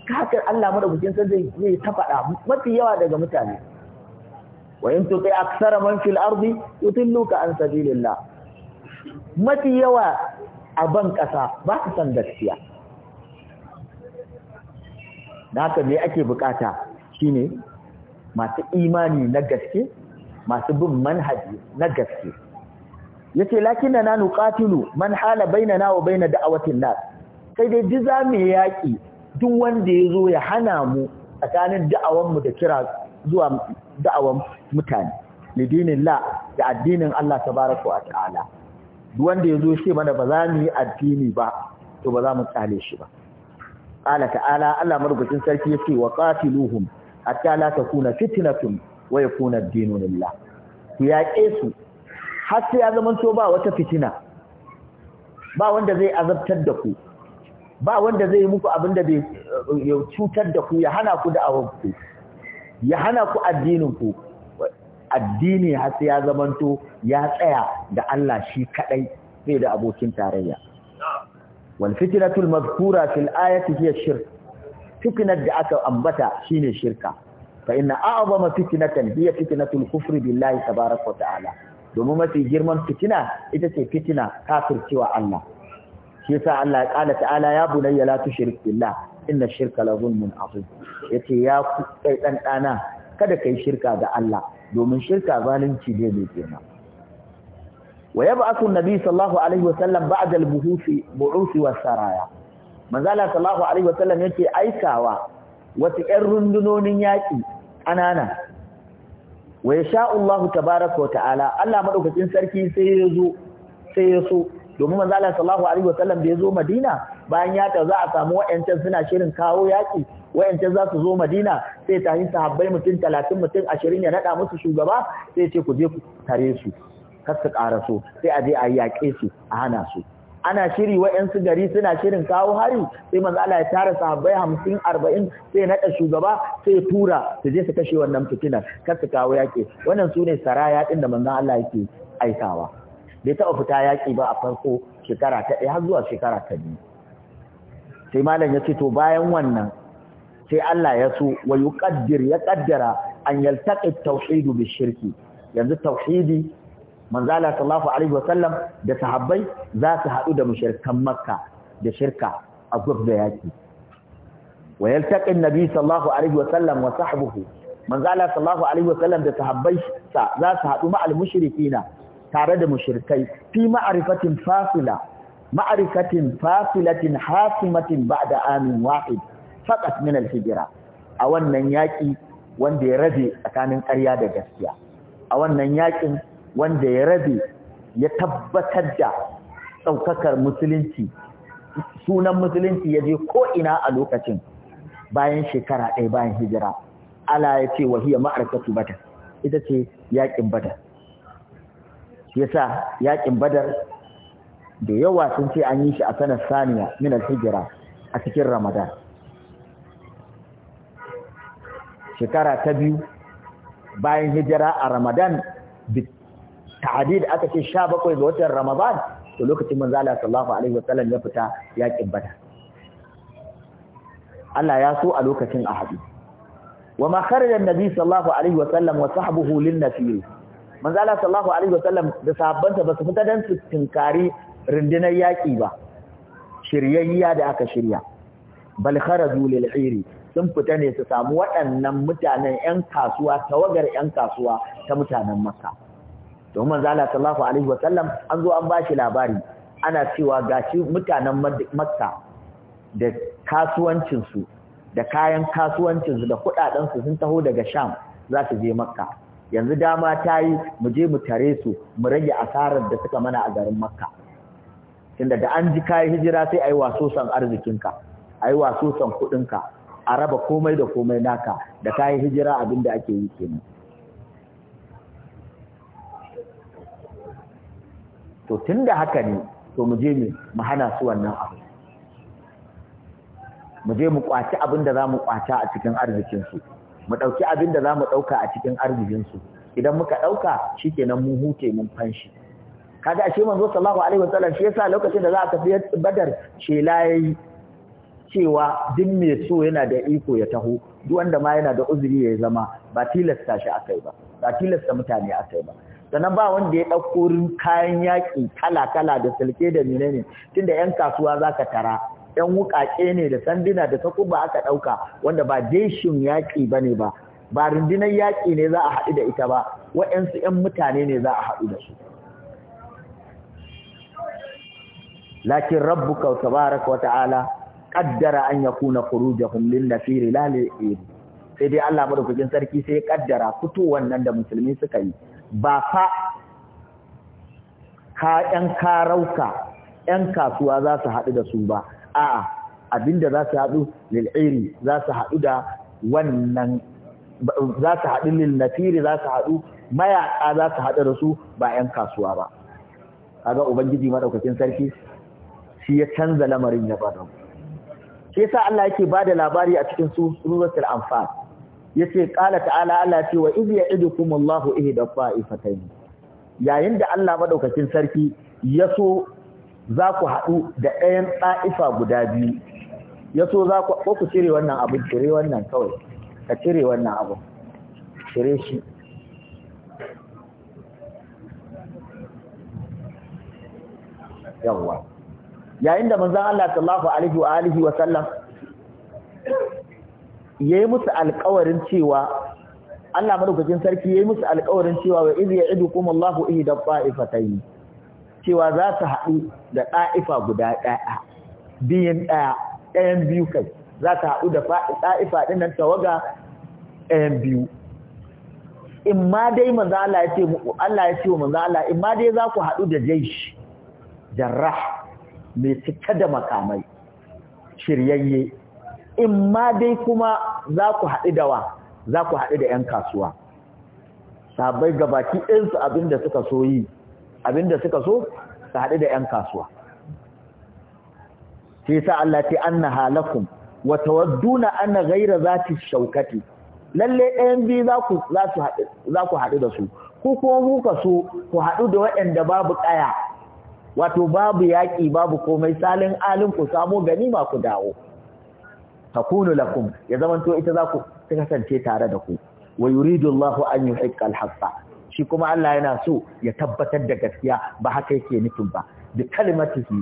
[SPEAKER 1] ka haka Allah madaukakin sarki zai ta faɗa mafi yawa daga mutane wa in tuti aksara man fil ardi yutilluka an sabilillah mafi yawa a ban kasa ba su san gaskiya haka me ake bukata shine masu imani na gaske masu bin manhaji na gaske yace lakinna na nuqatilu man hala bainana wa baina da'awatin nas sai dai duk za mu yaki duk wanda yazo ya hana mu tsakanin da'awan mu da kira zuwa da'awan mutane lidinillah da addinin Allah tabaaraku wa ta'ala duk wanda yazo shi mana ba za mu yi addini ba to ba za mu tsale shi ba qala ta'ala Allah marubucin sarki yace wa qatiluhum hatta la takuna fitnatun wa yakuna ad-dinu lillah ku yaƙe su har sai ya zamanto ba wata fitina ba wanda zai azabtar da ku ba wanda zai muku abin da eh, cutar da ku ya hana ku da'awarku ya hana ku addininku addini har sai ya zamanto ya tsaya da Allah shi kadai sai da abokin tarayya wal fitnatul mazkura fil ayati hiya shirk fitnar da aka ambata shine shirka fa inna a'zama fitnatan hiya fitnatul kufri billahi tabaaraka wa ta'ala domin mafi girman fitina ita ce fitina kafircewa Allah shi yasa Allah ya kala ta'ala ya bunayya la tushrik billah inna shirka la zulmun azim yace ya kai dan dana kada kai shirka ga Allah domin shirka zalunci ne mai girma wa yab'athu an-nabi sallallahu alaihi wa sallam ba'da al-buhuthi bu'uthi wa saraya manzala sallallahu alaihi wa sallam yake aikawa wasu ƴan rundunonin yaƙi ƙanana wa ya sha'ullahu tabaraka wa ta'ala Allah madaukakin sarki sai ya zo sai ya so domin manzo Allah sallallahu alaihi wasallam da ya zo Madina bayan ya ta za a samu wayancan suna shirin kawo yaƙi. wayancan za su zo Madina sai ta yi sahabbai mutum talatin mutum ashirin ya naɗa musu shugaba sai ce ku je ku tare su kar su ƙara so sai a je a yaƙe su a hana su ana shiri waɗansu gari suna shirin kawo hari sai manzo Allah ya tara sahabbai hamsin arba'in sai naɗa shugaba sai tura su je su kashe wannan fitinar kar su kawo yaƙi wannan su ne saraya ɗin da manzo Allah yake aikawa bai taɓa fita yaƙi ba a farko shekara ta ɗaya har zuwa shekara ta biyu sai malam ya ce to bayan wannan sai Allah ya so wa yuqaddir ya qaddara an yaltaqi tawhidu bi shirki yanzu tauhidi manzala sallallahu alaihi wasallam da sahabbai za su haɗu da mushrikan makka da shirka a gurb da yaki wa nabi sallallahu alaihi wasallam wa sahbihi manzala sallallahu alaihi wasallam da sahabbai za su haɗu ma al tare da mushrikai fi ma'rifatin fasila ma'rifatin fasilatin hasimatin ba'da amin wahid faqat min al hijra a wannan yaki wanda ya rabe tsakanin ƙarya da gaskiya a wannan yakin wanda ya rabe ya tabbatar da tsaukakar musulunci sunan musulunci ya je ko'ina a lokacin bayan shekara ɗaya bayan hijira ala ya ce wahiyar ma'arkatu bata ita ce yaƙin badar yasa yaƙin badar da yawa sun ce an yi shi a sanar saniya minar hijira a cikin ramadan shekara ta biyu bayan hijira a ramadan da aka ce bakwai ga watan Ramadan to lokacin manzo Allah sallallahu alaihi wasallam ya fita yakin bada Allah ya so a lokacin ahadi wama kharaja annabi sallallahu alaihi wasallam wa sahbihi lin manzo Allah sallallahu alaihi wasallam da sahabbansa ba su fita dan su tinkari rundunar yaki ba shiryayya da aka shirya bal kharaju lil-iri sun fita ne su samu waɗannan mutanen 'yan kasuwa tawagar 'yan kasuwa ta mutanen Makka domin manzo Allah sallallahu alaihi wa sallam an zo an ba shi labari ana cewa gashi mutanen Makka da kasuwancin da kayan kasuwancinsu da kudaden su sun taho daga Sham za su je Makka yanzu dama ta yi mu je mu tare su mu rage asarar da suka mana a garin Makka tunda da an ji kayan hijira sai ayi waso san arzikinka ayi waso san kudinka a raba komai da komai naka da kayan hijira abinda ake yi kenan to tunda haka ne to mu je mu hana su wannan abu mu je mu kwaci abin da za mu kwata a cikin arzikinsu mu ɗauki abin da zamu mu ɗauka a cikin arzikinsu idan muka ɗauka shi kenan mun hute mun fanshi kaga ashe manzo sallallahu alaihi wasallam shi yasa lokacin da za a tafi badar shela yayi cewa duk mai so yana da iko ya taho duk wanda ma yana da uzuri ya zama ba tilasta shi akai ba ba tilasta mutane akai ba sannan ba wanda ya ɗauko kayan yaƙi kala-kala da silke da menene tunda 'yan kasuwa za ka tara 'yan wuƙaƙe ne da sandina da ba aka ɗauka wanda ba deshin yaƙi ba ne ba ba rundunar yaƙi ne za a haɗu da ita ba waɗansu 'yan mutane ne za a haɗu da su lakin kauta barak wa ta'ala ƙaddara an kuna khurujahum lin nafiri la sai dai Allah madaukakin sarki sai ya kaddara fitowar nan da musulmi suka yi ba fa ka ‘yan karauka ‘yan kasuwa za su haɗu da su ba, a'a abinda za su haɗu lil'iri za su haɗu da wannan za su haɗu lilnafiri za su haɗu mayaƙa za su haɗu da su ba ‘yan kasuwa ba. Kaga Ubangiji maɗaukakin sarki shi ya canza lamarin ya bada. Ke yasa Allah yake ba da labari a cikin suratul amfani? yace qala ta'ala Allah ce wa iz ya'idukumullahu ihda fa'ifatayn yayin da Allah madaukakin sarki ya so za ku haɗu da ɗayan ɗa'ifa guda biyu ya so za ku ko ku cire wannan abu cire wannan kawai ka cire wannan abu cire shi yawa yayin da manzon Allah sallallahu alaihi wa alihi wa sallam yi musu alƙawarin cewa Allah madaukakin sarki yi musu alƙawarin cewa wa iz ya'idukum Allahu ta yi. cewa za su haɗu da ɗa'ifa guda ɗaya biyun ɗaya ɗayan biyu kai za su haɗu da ɗa'ifa ɗin nan tawaga ɗayan biyu in ma dai manzo Allah ya ce Allah ya ce wa manzo Allah in ma dai za ku haɗu da jaish jarrah mai cika da makamai shiryayye in ma dai kuma za ku haɗu da wa za ku haɗu da 'yan kasuwa sabai gabaki ɗinsu abinda suka so yi abinda suka so su haɗu da 'yan kasuwa ce sa Allah ta anna halakum wa tawadduna gaira za zati shaukati lalle ɗayan biyu za ku haɗu da su ku kuma muka so ku haɗu da waɗanda babu ƙaya wato babu yaƙi babu komai salin alin ku samo ma ku dawo takunu lakum ya zamanto ita za ku kasance tare da ku wa yuridu Allahu an yuhiqqa al-haqqa shi kuma Allah yana so ya tabbatar da gaskiya ba haka yake nufin ba bi kalimatihi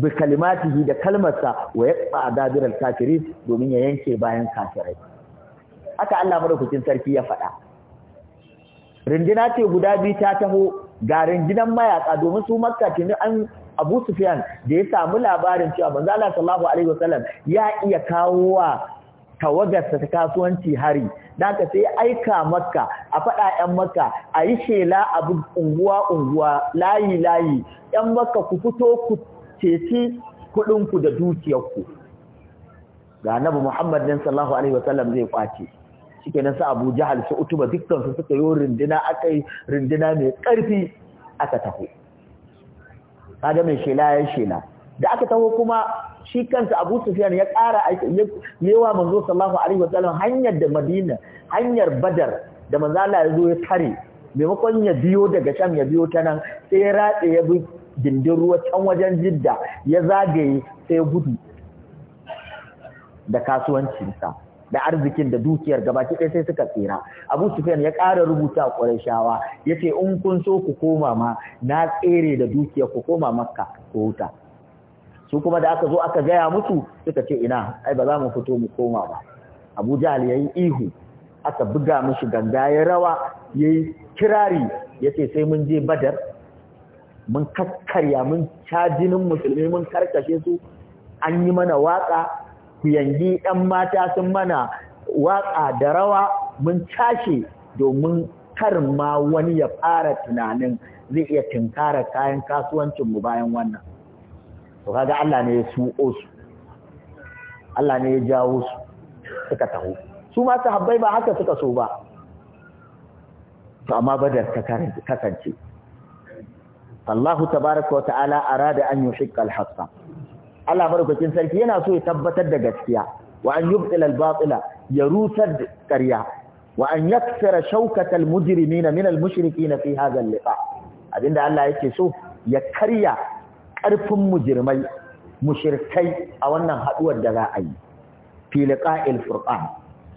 [SPEAKER 1] bi kalimatihi da kalmarsa wa yaqta adabir al-kafirin domin ya yanke bayan kafirai haka Allah madaukakin sarki ya faɗa rindina ce guda biyu ta taho ga rindinan mayaka domin su makka tuni an Abu Sufyan da ya samu labarin cewa manzo Allah sallallahu alaihi wasallam ya iya kawo wa tawagarsa ta kasuwanci hari dan ka sai aika makka a faɗa ƴan makka a yi shela a unguwa unguwa layi layi ƴan makka ku fito ku ceci kuɗin ku da dukiyarku ga annabi Muhammad sallallahu alaihi wasallam zai kwace shikenan sa Abu Jahal su Utuba dukkan su suka yi rindina akai rindina mai ƙarfi aka taho kaga mai shela ya shela da aka taho kuma shi kansa Abu Sufyan ya ƙara yawa manzo sallallahu alaihi wasallam hanyar da Madina hanyar Badar da manzo Allah ya zo ya tare maimakon ya biyo daga Sham ya biyo ta nan sai ya ratse ya bi dindin ruwa can wajen Jidda ya zagaye sai ya gudu da kasuwancinsa da arzikin da dukiyar gaba ɗaya sai suka tsira abu sufyan ya kara rubuta a shawa. ya ce in kun so ku koma ma na tsere da dukiyar ku koma makka ko huta su kuma da aka zo aka gaya musu suka ce ina ai ba za mu fito mu koma ba abu jahal ya yi ihu aka buga mishi ganga ya rawa ya yi kirari ya ce sai mun je badar mun kakkarya mun cajinin musulmi mun karkashe su an yi mana waka kuyangi ‘yan mata sun mana waƙa da rawa mun tashi domin kar ma wani ya fara tunanin zai iya tinkara kayan kasuwancinmu bayan wannan. To kaga Allah ne ya suƙo su, Allah ne ya jawo su suka taho. Su ma sahabbai ba haka suka so ba. To amma badar ta kasance. Allahu tabaraka wa ta'ala arada an yushiqqa al Allah madaukakin sarki yana so ya tabbatar da gaskiya wa an yubtil al batila ya rusar karya. ƙarya wa an yaksara shaukatal mujrimina min al mushrikin fi hadha al liqa abinda Allah yake so ya karya ƙarfin mujrimai mushrikai a wannan haduwar da za a yi fi liqa'il furqan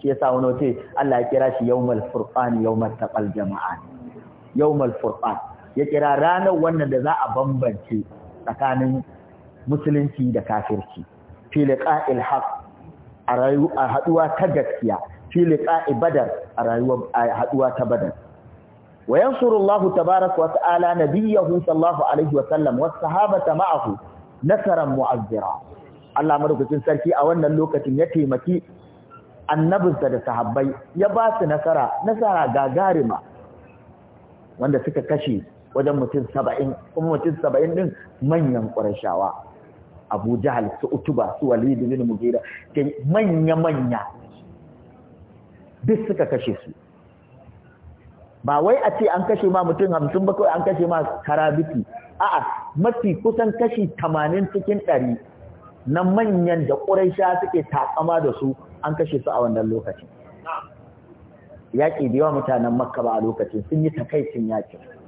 [SPEAKER 1] shi yasa wani wace Allah ya kira shi yawmal furqan yawmal taqal jama'an yawmal furqan ya kira ranar wannan da za a bambance tsakanin musulunci da kafirci fi liqa'il a haɗuwa ta gaskiya fi liqa'i badar a haɗuwa a ta badar wa yansurullahu tabaarak wa ta'ala nabiyahu sallallahu alaihi wa sallam was sahabata ma'ahu nasaran mu'azzira Allah madaukakin sarki a wannan lokacin ya taimaki annabinsa da sahabbai ya ba su nasara nasara gagarima wanda suka kashe wajen mutum saba'in kuma mutum saba'in ɗin manyan ƙurashawa abu jahal su utuba su walid bin kai manya manya duk suka kashe su ba wai a ce an kashe ma mutum hamsin ba kai an kashe ma karabiti a'a mafi kusan kashi tamanin cikin ɗari na manyan da Quraysha suke takama da su an kashe su a wannan lokacin yaƙi da yawa mutanen makka ba a lokacin sun yi takaicin yaƙin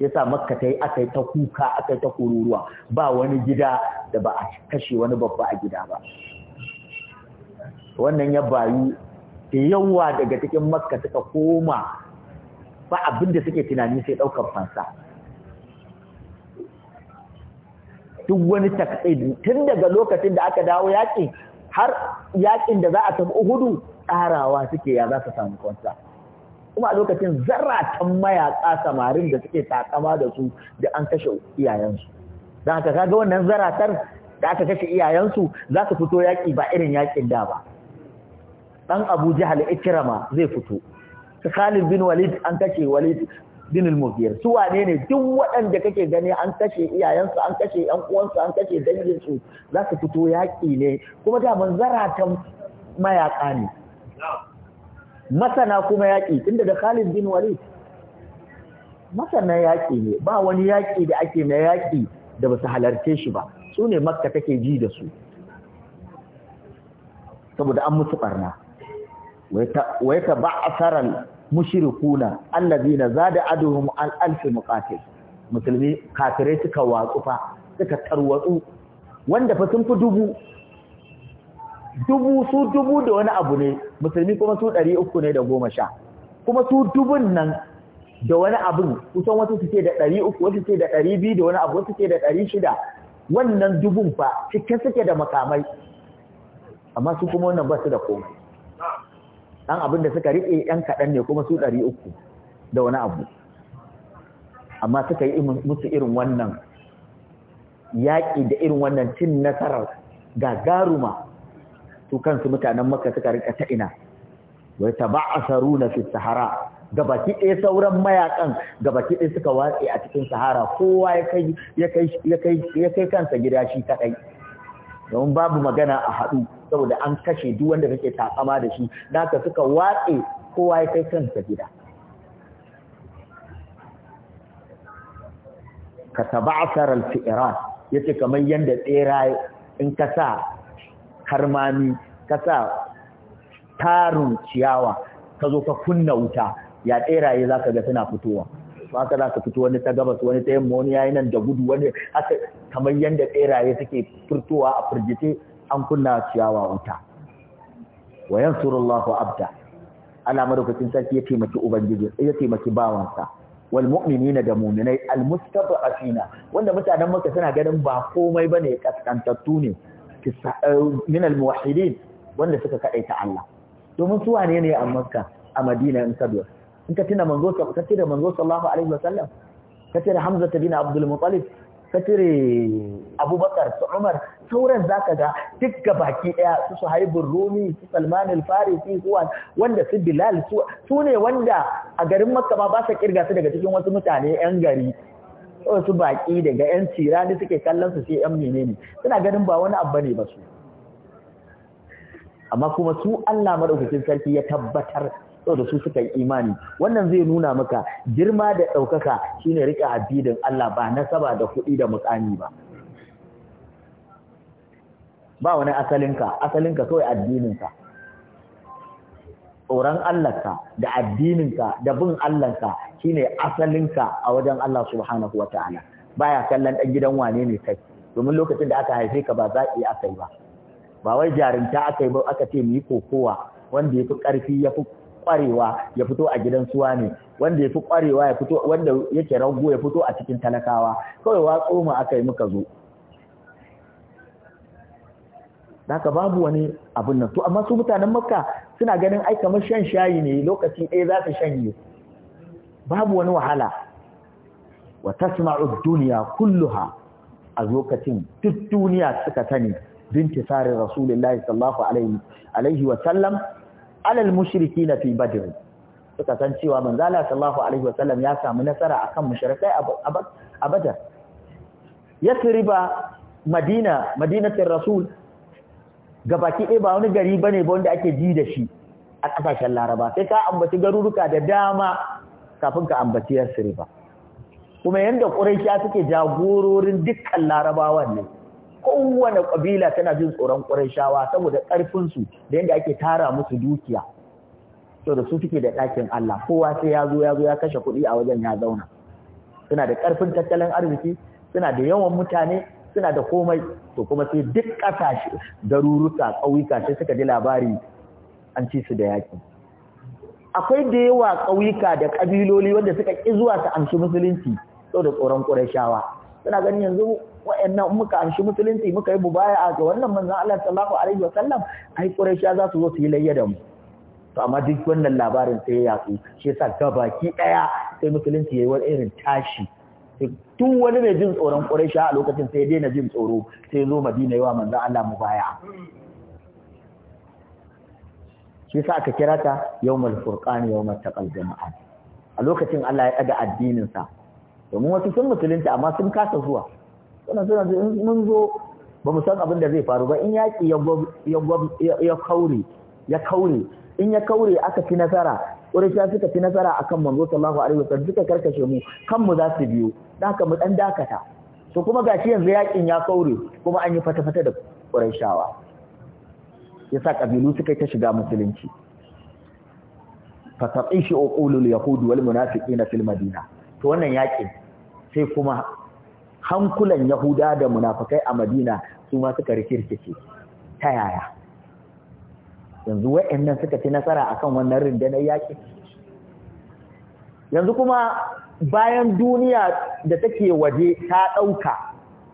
[SPEAKER 1] shi yasa makka ta yi aka yi ta kuka aka ta kururuwa ba wani gida da ba a kashe wani babba a gida ba wannan ya bayu da yawa daga cikin makka suka koma ba abin da suke tunani sai ɗaukar fansa duk wani taksidi tun daga lokacin da aka dawo yaƙi har yaƙin da za a tafi uhudu tsarawa suke ya za su samu fansa kuma a lokacin zaratan mayaƙa samarin da suke takama da su da an kashe iyayensu don haka kaga wannan zaratar da aka kashe iyayensu za su fito yaƙi ba irin yaƙin da ba ɗan abu jihar ikirama zai fito su khalid bin walid an kashe walid bin al su wane ne duk waɗanda kake gani an kashe iyayensu an kashe ƴan uwansu an kashe danginsu za su fito yaƙi ne kuma da zaratan mayaƙa ne masana kuma yaƙi tunda da Khalid bin Walid masana yaƙi ne ba wani yaƙi da ake na yaƙi da basu halarce shi ba su ne makka take ji da su saboda an musu barna wa ya taba'asaral mushrikuna allazina zada aduhum al alf muqatil musulmi kafirai suka watsu fa suka tarwatsu wanda fa sun fi dubu dubu su dubu da wani abu ne musulmi kuma su ɗari uku ne da goma sha kuma su dubun nan da wani abin kusan wasu su ce da ɗari uku wasu ce da ɗari biyu da wani abu wasu ce da ɗari shida wannan dubun fa cikin suke da makamai amma su kuma wannan ba su da komai ɗan abin da suka riƙe ɗan kaɗan ne kuma su ɗari uku da wani abu amma suka yi musu irin wannan yaƙi da irin wannan cin nasarar gagaruma su kansu mutanen maka suka rika ta ina wai taba'asaruna fi sahara gabaki ɗaya sauran mayakan gabaki ɗaya suka watse a cikin sahara kowa ya kai ya kai ya kai kansa gida shi kadai don babu magana a haɗu saboda an kashe duk wanda kake takama da shi naka suka watse kowa ya kai kansa gida ka taba'asar al-fi'ran yace kamar yanda tsera in ka sa karmami ka sa tarin ciyawa ka zo ka kunna wuta ya ɗeraye za ka ga suna fitowa aka za ka fito wani ta gabas wani ta yamma wani yayi nan da gudu wani haka kamar yadda tseraye suke furtowa a firgite an kunna ciyawa wuta wa yansurullahu abda Allah madaukakin sarki ya taimaki ubangiji ya taimaki bawansa wal mu'minina da mu'minai al Asina, wanda mutanen maka suna ganin ba komai bane kaskantattu ne min al-muwahhidin wanda suka ta Allah domin su wane ne a Makka a Madina in Kaduna in ka tuna manzo ka tira manzo sallallahu alaihi wasallam ka tira Hamza bin Abdul Muttalib ka Abubakar su Umar sauran zaka ga duk baki daya su Suhaibur Rumi su Salman al-Farisi su wanda su Bilal su ne wanda a garin Makka ma ba sa kirga su daga cikin wasu mutane yan gari wasu baƙi daga 'yan rani suke kallon su sai 'yan menene suna ganin ba wani abu ne ba su amma kuma su Allah madaukakin sarki ya tabbatar da su suka yi imani wannan zai nuna maka girma da ɗaukaka shine rika addinin Allah ba nasaba da kuɗi da mukami ba ba wani asalinka asalinka kawai addininka tsoron ka da addinin ka da bin ka shine asalinka a wajen Allah subhanahu wa ta'ala baya kallon ɗan gidan wane ne kai domin lokacin da aka haife ka ba za aka yi ba ba wai jarinta aka yi ba aka ce mu yi kokowa wanda ya fi ƙarfi ya fi ƙwarewa ya fito a gidan suwa ne wanda ya fi ƙwarewa ya fito wanda yake rago ya fito a cikin talakawa kawai watso mu aka yi muka zo haka babu wani abin nan to amma su mutanen makka suna ganin ai kamar shan shayi ne lokaci ɗaya za ta shanye babu wani wahala wa tasma'u duniya kulluha a lokacin duk duniya suka sani binti sari rasulullahi sallallahu alaihi alaihi wa sallam alal na fi badr suka san cewa manzala sallallahu alaihi wa sallam ya samu nasara akan mushrikai a badar yasriba madina madinatin rasul gabaki ɗaya ba wani gari bane ba wanda ake ji da shi a ƙasashen Laraba sai ka ambaci garuruka da dama kafin ka ambaci Yasrib kuma yanda Quraisha suke jagororin dukkan Larabawan ne kowane kabila tana jin tsoron shawa saboda ƙarfinsu da yadda ake tara musu dukiya to da su suke da ɗakin Allah kowa sai ya zo ya zo ya kashe kuɗi a wajen ya zauna suna da ƙarfin tattalin arziki suna da yawan mutane suna da komai to kuma sai duk ƙasashe garuruka ƙauyuka sai suka ji labari an ci su da yaƙi akwai da yawa ƙauyuka da ƙabiloli wanda suka ƙi zuwa su amshi musulunci da tsoron ƙurashawa suna ganin yanzu wa'annan muka amshi musulunci muka yi a ga wannan manzon Allah sallallahu alaihi wasallam ai ƙurashawa za su zo su yi layya da mu to amma duk wannan labarin sai ya yaƙu shi yasa gabaki ɗaya sai musulunci yayi wani irin tashi Tun wani mai jin tsoron Quraysha a lokacin sai daina jin tsoro sai zo Madina yawa manzo Allah mu baya shi sa aka kira ta yawmul yau mai taqal jama'a. a lokacin Allah ya ɗaga addininsa. sa domin wasu sun musulunta amma sun kasa zuwa Suna suna mun zo ba mu san abin da zai faru ba in ya ya kaure in ya kaure aka fi nasara Qurayshawa suka fi nasara akan manzo sallahu alaihi wasallam suka karkashe mu kan mu za su biyo dan haka mu dan dakata to kuma gashi yanzu yakin ya kaure kuma an yi fata-fata da Ya yasa kabilu suka ta shiga musulunci fataqishi uqulul Yahudu wal munafiqina fil madina to wannan yakin sai kuma hankulan yahuda da munafikai a madina su ma suka rikirkice ta yaya yanzu wa'annan suka ci nasara akan wannan rindanar yaƙi yanzu kuma bayan duniya da take waje ta ɗauka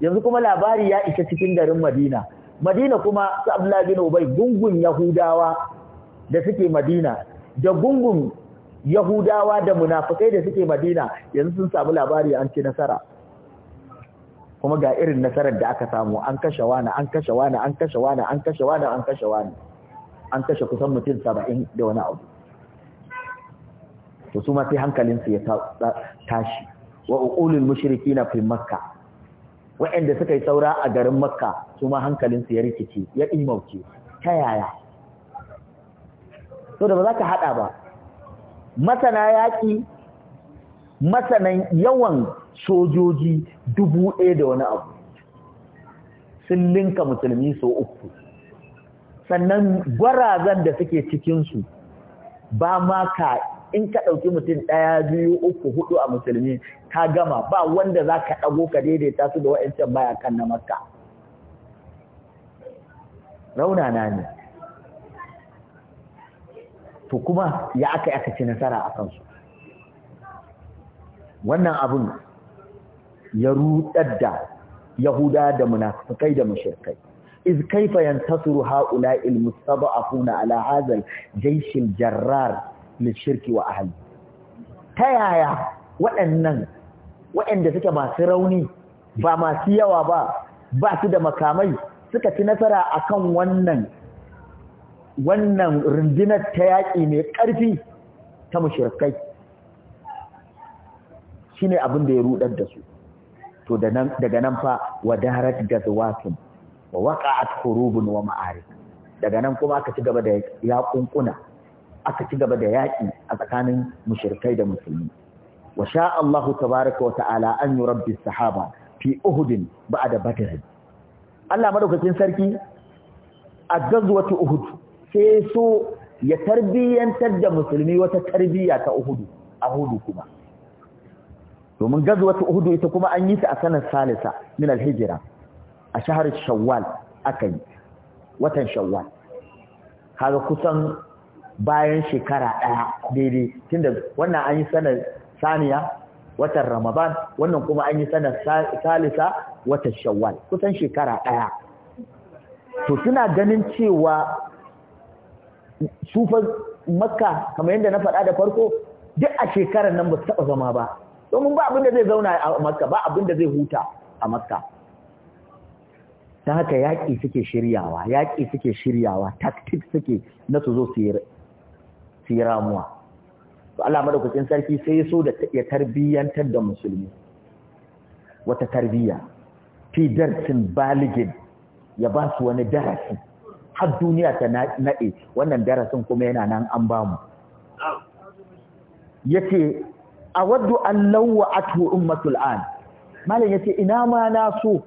[SPEAKER 1] yanzu kuma labari ya isa cikin garin madina madina kuma su abdullahi bin ubay gungun yahudawa da suke madina da gungun yahudawa da munafukai da suke madina yanzu sun samu labari an ci nasara kuma ga irin nasarar da aka samu an kashe wani an kashe wani an kashe wani an kashe wani an kashe wani an kashe kusan mutum saba'in da wani abu to su ma sai hankalinsu ya tashi wa uqulul na fi makka wa'anda suka yi saura a garin makka su ma hankalinsu ya rikice ya imauce ta yaya to da ba za ka haɗa ba masana yaƙi, masanan yawan sojoji dubu ɗaya da wani abu sun linka musulmi so uku sannan gwarazan da suke cikinsu ba ma ka in ka ɗauki mutum ɗaya biyu uku hudu a musulmi ka gama ba wanda za ka ɗago ka daidaita su da wa'ancan mayakan na makka raunana ne to kuma ya aka aka ci nasara a kansu wannan abin ya rudar da yahuda da munafukai da mushrikai iz kaifa yantasuru haula'il mustada'afuna ala hazal jaishil jarrar lishirki wa ahli ta yaya waɗannan waɗanda suke masu rauni ba masu yawa ba ba su da makamai suka ci nasara akan wannan wannan rundunar ta yaƙi mai ƙarfi ta mushrikai shine abin da ya rudar da su to daga nan fa wadarat gazwatun wa hurubun wa ma'ari daga nan kuma aka ci gaba da yaƙunƙuna aka ci gaba da yaƙi a tsakanin mushirikai da musulmi wa sha Allahu tabaraka wa ta'ala an rabbi sahaba fi ba'a da badr Allah madaukakin sarki a gazwatu uhud sai so ya tarbiyyantar da musulmi wata tarbiyya ta uhudu, a hudu kuma domin wata uhudu ita kuma an yi ta a sanar salisa min al a shahar shawwal aka yi watan shawwal kaga kusan bayan shekara ɗaya daidai tunda wannan an yi sanar saniya watan ramadan wannan kuma an yi sanar salisa watan shawwal kusan shekara ɗaya to suna ganin cewa sufa makka kamar yadda na faɗa da farko duk a shekarar nan ba su taɓa zama ba domin ba abin zai zauna a makka ba abin da zai huta a makka ta haka yaƙi suke shiryawa yaƙi suke shiryawa taktik suke na su zo su yi ramuwa to da sarki sai so da ya tarbiyyantar da musulmi wata tarbiyya fi darsin baligin ya ba su wani darasi har duniya ta naɗe wannan darasin kuma yana nan an ba mu yace waddu an lauwa a atu ummatul malin malam ce ina ma na so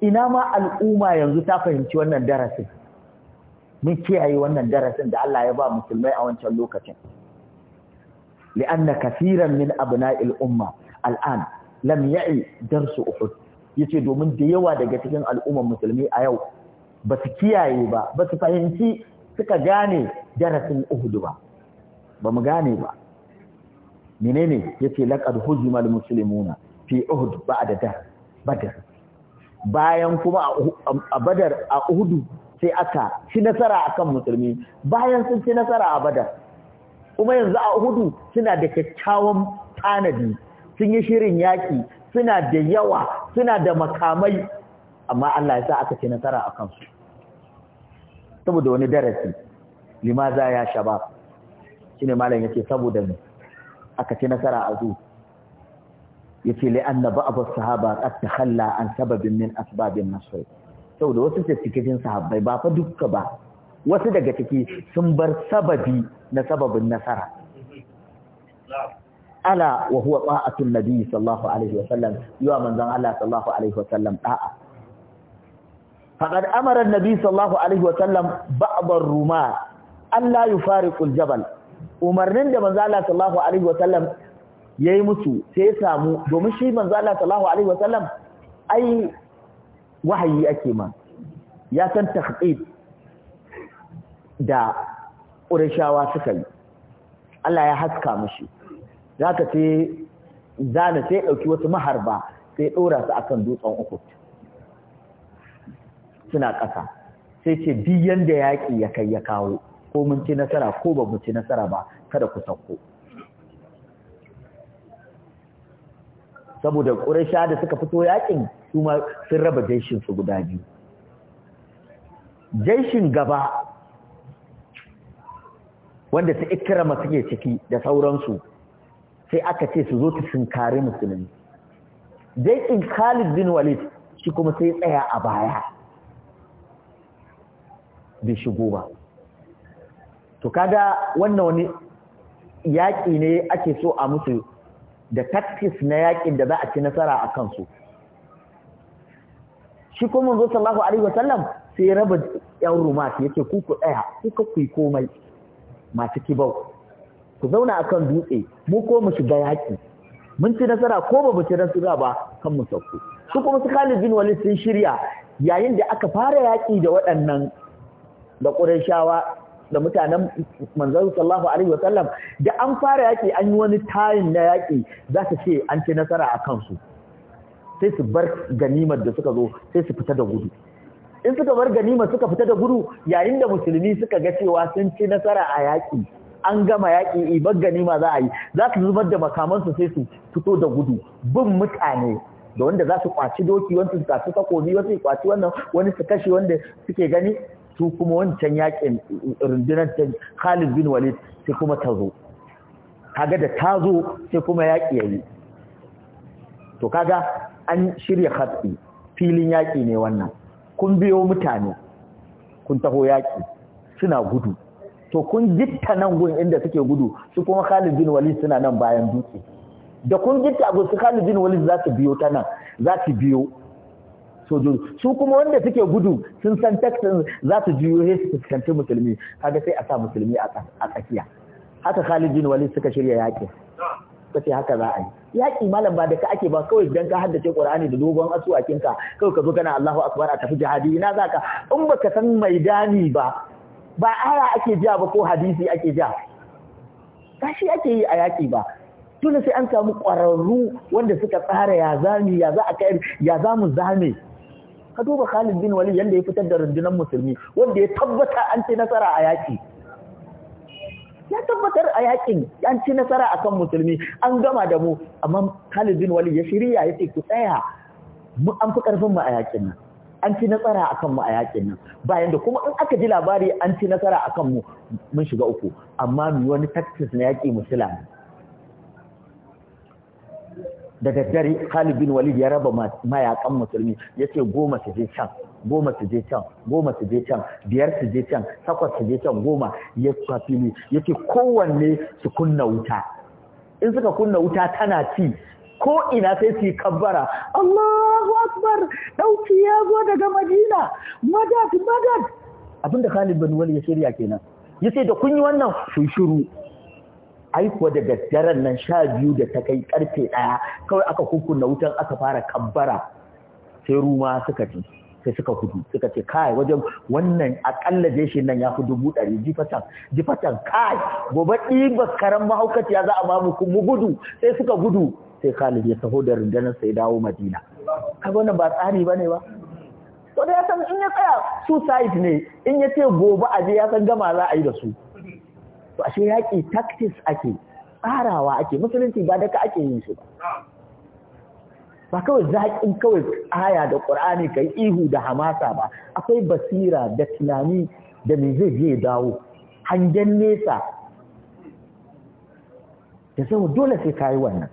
[SPEAKER 1] ina ma al'umma yanzu ta fahimci wannan darasin mun kiyaye wannan darasin da Allah ya ba musulmai a wancan lokacin li'anna kasiran min abna'il umma al'an lam ya'i darsu uhud yace domin da yawa daga cikin al'umman musulmi a yau ba su kiyaye ba ba su fahimci suka gane darasin uhud ba ba mu gane ba menene yace laqad hujimal muslimuna fi uhud ba'da badr bayan kuma a badar a hudu sai aka ci nasara akan musulmi bayan sun ci nasara a badar kuma yanzu a hudu suna da kyakkyawan tanadi sun yi shirin yaƙi suna da yawa suna da makamai amma Allah ya sa aka ci nasara a kansu saboda wani darasi za ya shaba ne malam yace saboda aka ci nasara a zuwa yace li anna ba'd as-sahaba qad takhalla an sababin min asbabin nasr saboda wasu da cikin sahabbai ba fa dukka ba wasu daga ciki sun bar sababi na sababin nasara ala wa huwa ta'atun nabi sallallahu alaihi wa sallam yawa manzon Allah sallallahu alaihi wa sallam da'a faqad amara an-nabi sallallahu alaihi wa sallam ba'd ar-ruma an la yufariqu al-jabal umarnin da manzon Allah sallallahu alaihi wa sallam yayi musu sai ya samu domin shi manzo Allah sallahu alaihi wasallam ai wahayi ake ma ya san takhid da Qurayshawa suka yi Allah ya haska mushi zaka ce zana sai dauki wasu maharba sai dora su akan dutsen uku, suna ƙasa sai ce biyan da yaƙi ya kai ya kawo ko mun ci nasara ko ba mu ci nasara ba kada ku sauko saboda ƙuraisha da suka fito yaƙin, su ma sun raba jaishin guda biyu jaishin gaba wanda su ikirama suke ciki da sauransu sai aka ce su zo su shinkari musulmi jaishin khalid bin walid shi kuma sai tsaya a baya bai shigo ba to kada wannan wani yaƙi ne ake so a musu da taktis na yakin da za a ci nasara a kansu shi kuma manzo Sallahu alaihi wasallam sai raba yan rumat yake ku ku daya ku ka ku komai masu kibau ku zauna akan dutse mu ko mu shiga yaki mun ci nasara ko ba mu ci nasara ba kan mu sauko su kuma su Khalid bin Walid sun shirya yayin da aka fara yaki da waɗannan da Qurayshawa da mutanen manzon sallallahu alaihi wasallam da an fara yaki an yi wani tayin na yaki za su ce an ce nasara a kansu sai su bar ganimar da suka zo sai su fita da gudu in suka bar ganimar suka fita da gudu yayin da musulmi suka ga cewa sun ci nasara a yaki an gama yaki ibar ganima za a yi za su zubar da makamansu sai su fito da gudu bin mutane da wanda za su kwaci doki wanda su kwaci takobi wanda su kwaci wannan wani su kashe wanda suke gani su kuma wancan yakin rundunar Khalid bin Walid sai kuma ta zo kaga da ta zo sai kuma yaki yayi to kaga an shirya hatsi filin yaki ne wannan kun biyo mutane kun taho yaki suna gudu to kun gitta nan gun inda suke gudu su kuma Khalid bin Walid suna nan bayan dutse da kun gitta gun su Khalid bin Walid za su biyo ta nan za su biyo sojo su kuma wanda suke gudu sun san texas za su juyo su fuskanci musulmi kaga sai a sa musulmi a tsakiya haka Khalid bin Walid suka shirya yaƙi suka ce haka za a yi yaƙi malam ba da ka ake ba kawai dan ka haddace Qur'ani da dogon asuwakin ka kawai ka zo kana Allahu akbar a tafi jihadi ina zaka in baka san maidani ba ba aya ake jiya ba ko hadisi ake ja kashi ake yi a yaƙi ba tun sai an samu ƙwararru wanda suka tsara ya zami ya za a kai ya za mu zame ka duba Khalid bin Walid yanda ya fitar da rundunar musulmi wanda ya tabbata an ci nasara a yaki ya tabbatar a yakin an ci nasara akan musulmi an gama da mu amma Khalid bin Walid ya shirya ya ce ku tsaya mu an fi karfin mu a yakin nan an ci nasara akan mu a yakin nan bayan da kuma in aka ji labari an ci nasara akan mu mun shiga uku amma mu wani tactics na yaki musulmi da daddare Khalid bin Walid ya raba mayakan musulmi yace goma su je can goma su je can goma su je can biyar su je can takwas su je can goma ya fili yace kowanne su kunna wuta in suka kunna wuta tana ci ko ina sai su yi kabbara Allahu akbar dauki ya zo daga Madina madad madad abinda Khalid bin Walid ya shirya kenan yace da kun yi wannan shuru shiru aiko da daren nan sha biyu da ta kai karfe ɗaya kawai aka kukunna wutan aka fara kabbara sai ruma suka ji sai suka gudu suka ce kai wajen wannan akalla jeshin nan ya fi dubu ɗari jifatan jifatan kai gobe ɗibar karan mahaukaci ya za a mamu mu gudu sai suka gudu sai Khalid ya taho da rundunar sai dawo Madina kai wannan ba tsari bane ba to da ya san in ya tsaya su side ne in ya ce gobe a je ya san gama za a yi da su to ashe yaƙi tactics ake tsarawa ake musulunci ba daka ake yin shi ba ba kawai zaƙin kawai aya da ƙur'ani ka yi ihu da hamasa ba akwai basira da tunani da me zai je dawo hangen nesa da sau dole sai ka yi wannan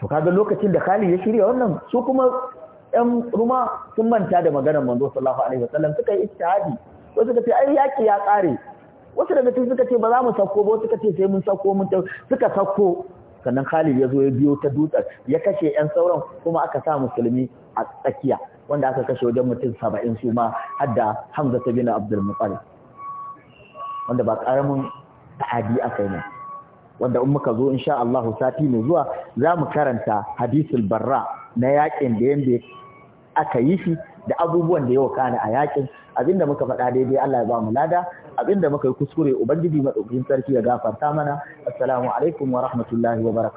[SPEAKER 1] to kaga lokacin da Khali ya shirya wannan su kuma ɗan ruma sun manta da maganar manzo sallallahu alaihi wasallam suka yi ittihadi ko suka ce ai yaki ya ƙare wasu daga cikin suka ce ba za mu sauko ba suka ce sai mun sauko mun suka sauko sannan Khalid ya zo ya biyo ta dutsen ya kashe ƴan sauran kuma aka sa musulmi a tsakiya wanda aka kashe wajen mutum saba'in su ma har da Hamza bin Abdul Muttalib wanda ba ƙaramin ta'adi aka yi ne wanda in muka zo insha Allah sati mai zuwa za mu karanta hadisul barra na yakin da yanda aka yi shi da abubuwan da ya wakana a yakin abinda muka faɗa daidai Allah ya ba mu lada abinda muka yi kuskure ubangiji madaukakin sarki ya gafarta mana assalamu alaikum wa rahmatullahi wa barakatuh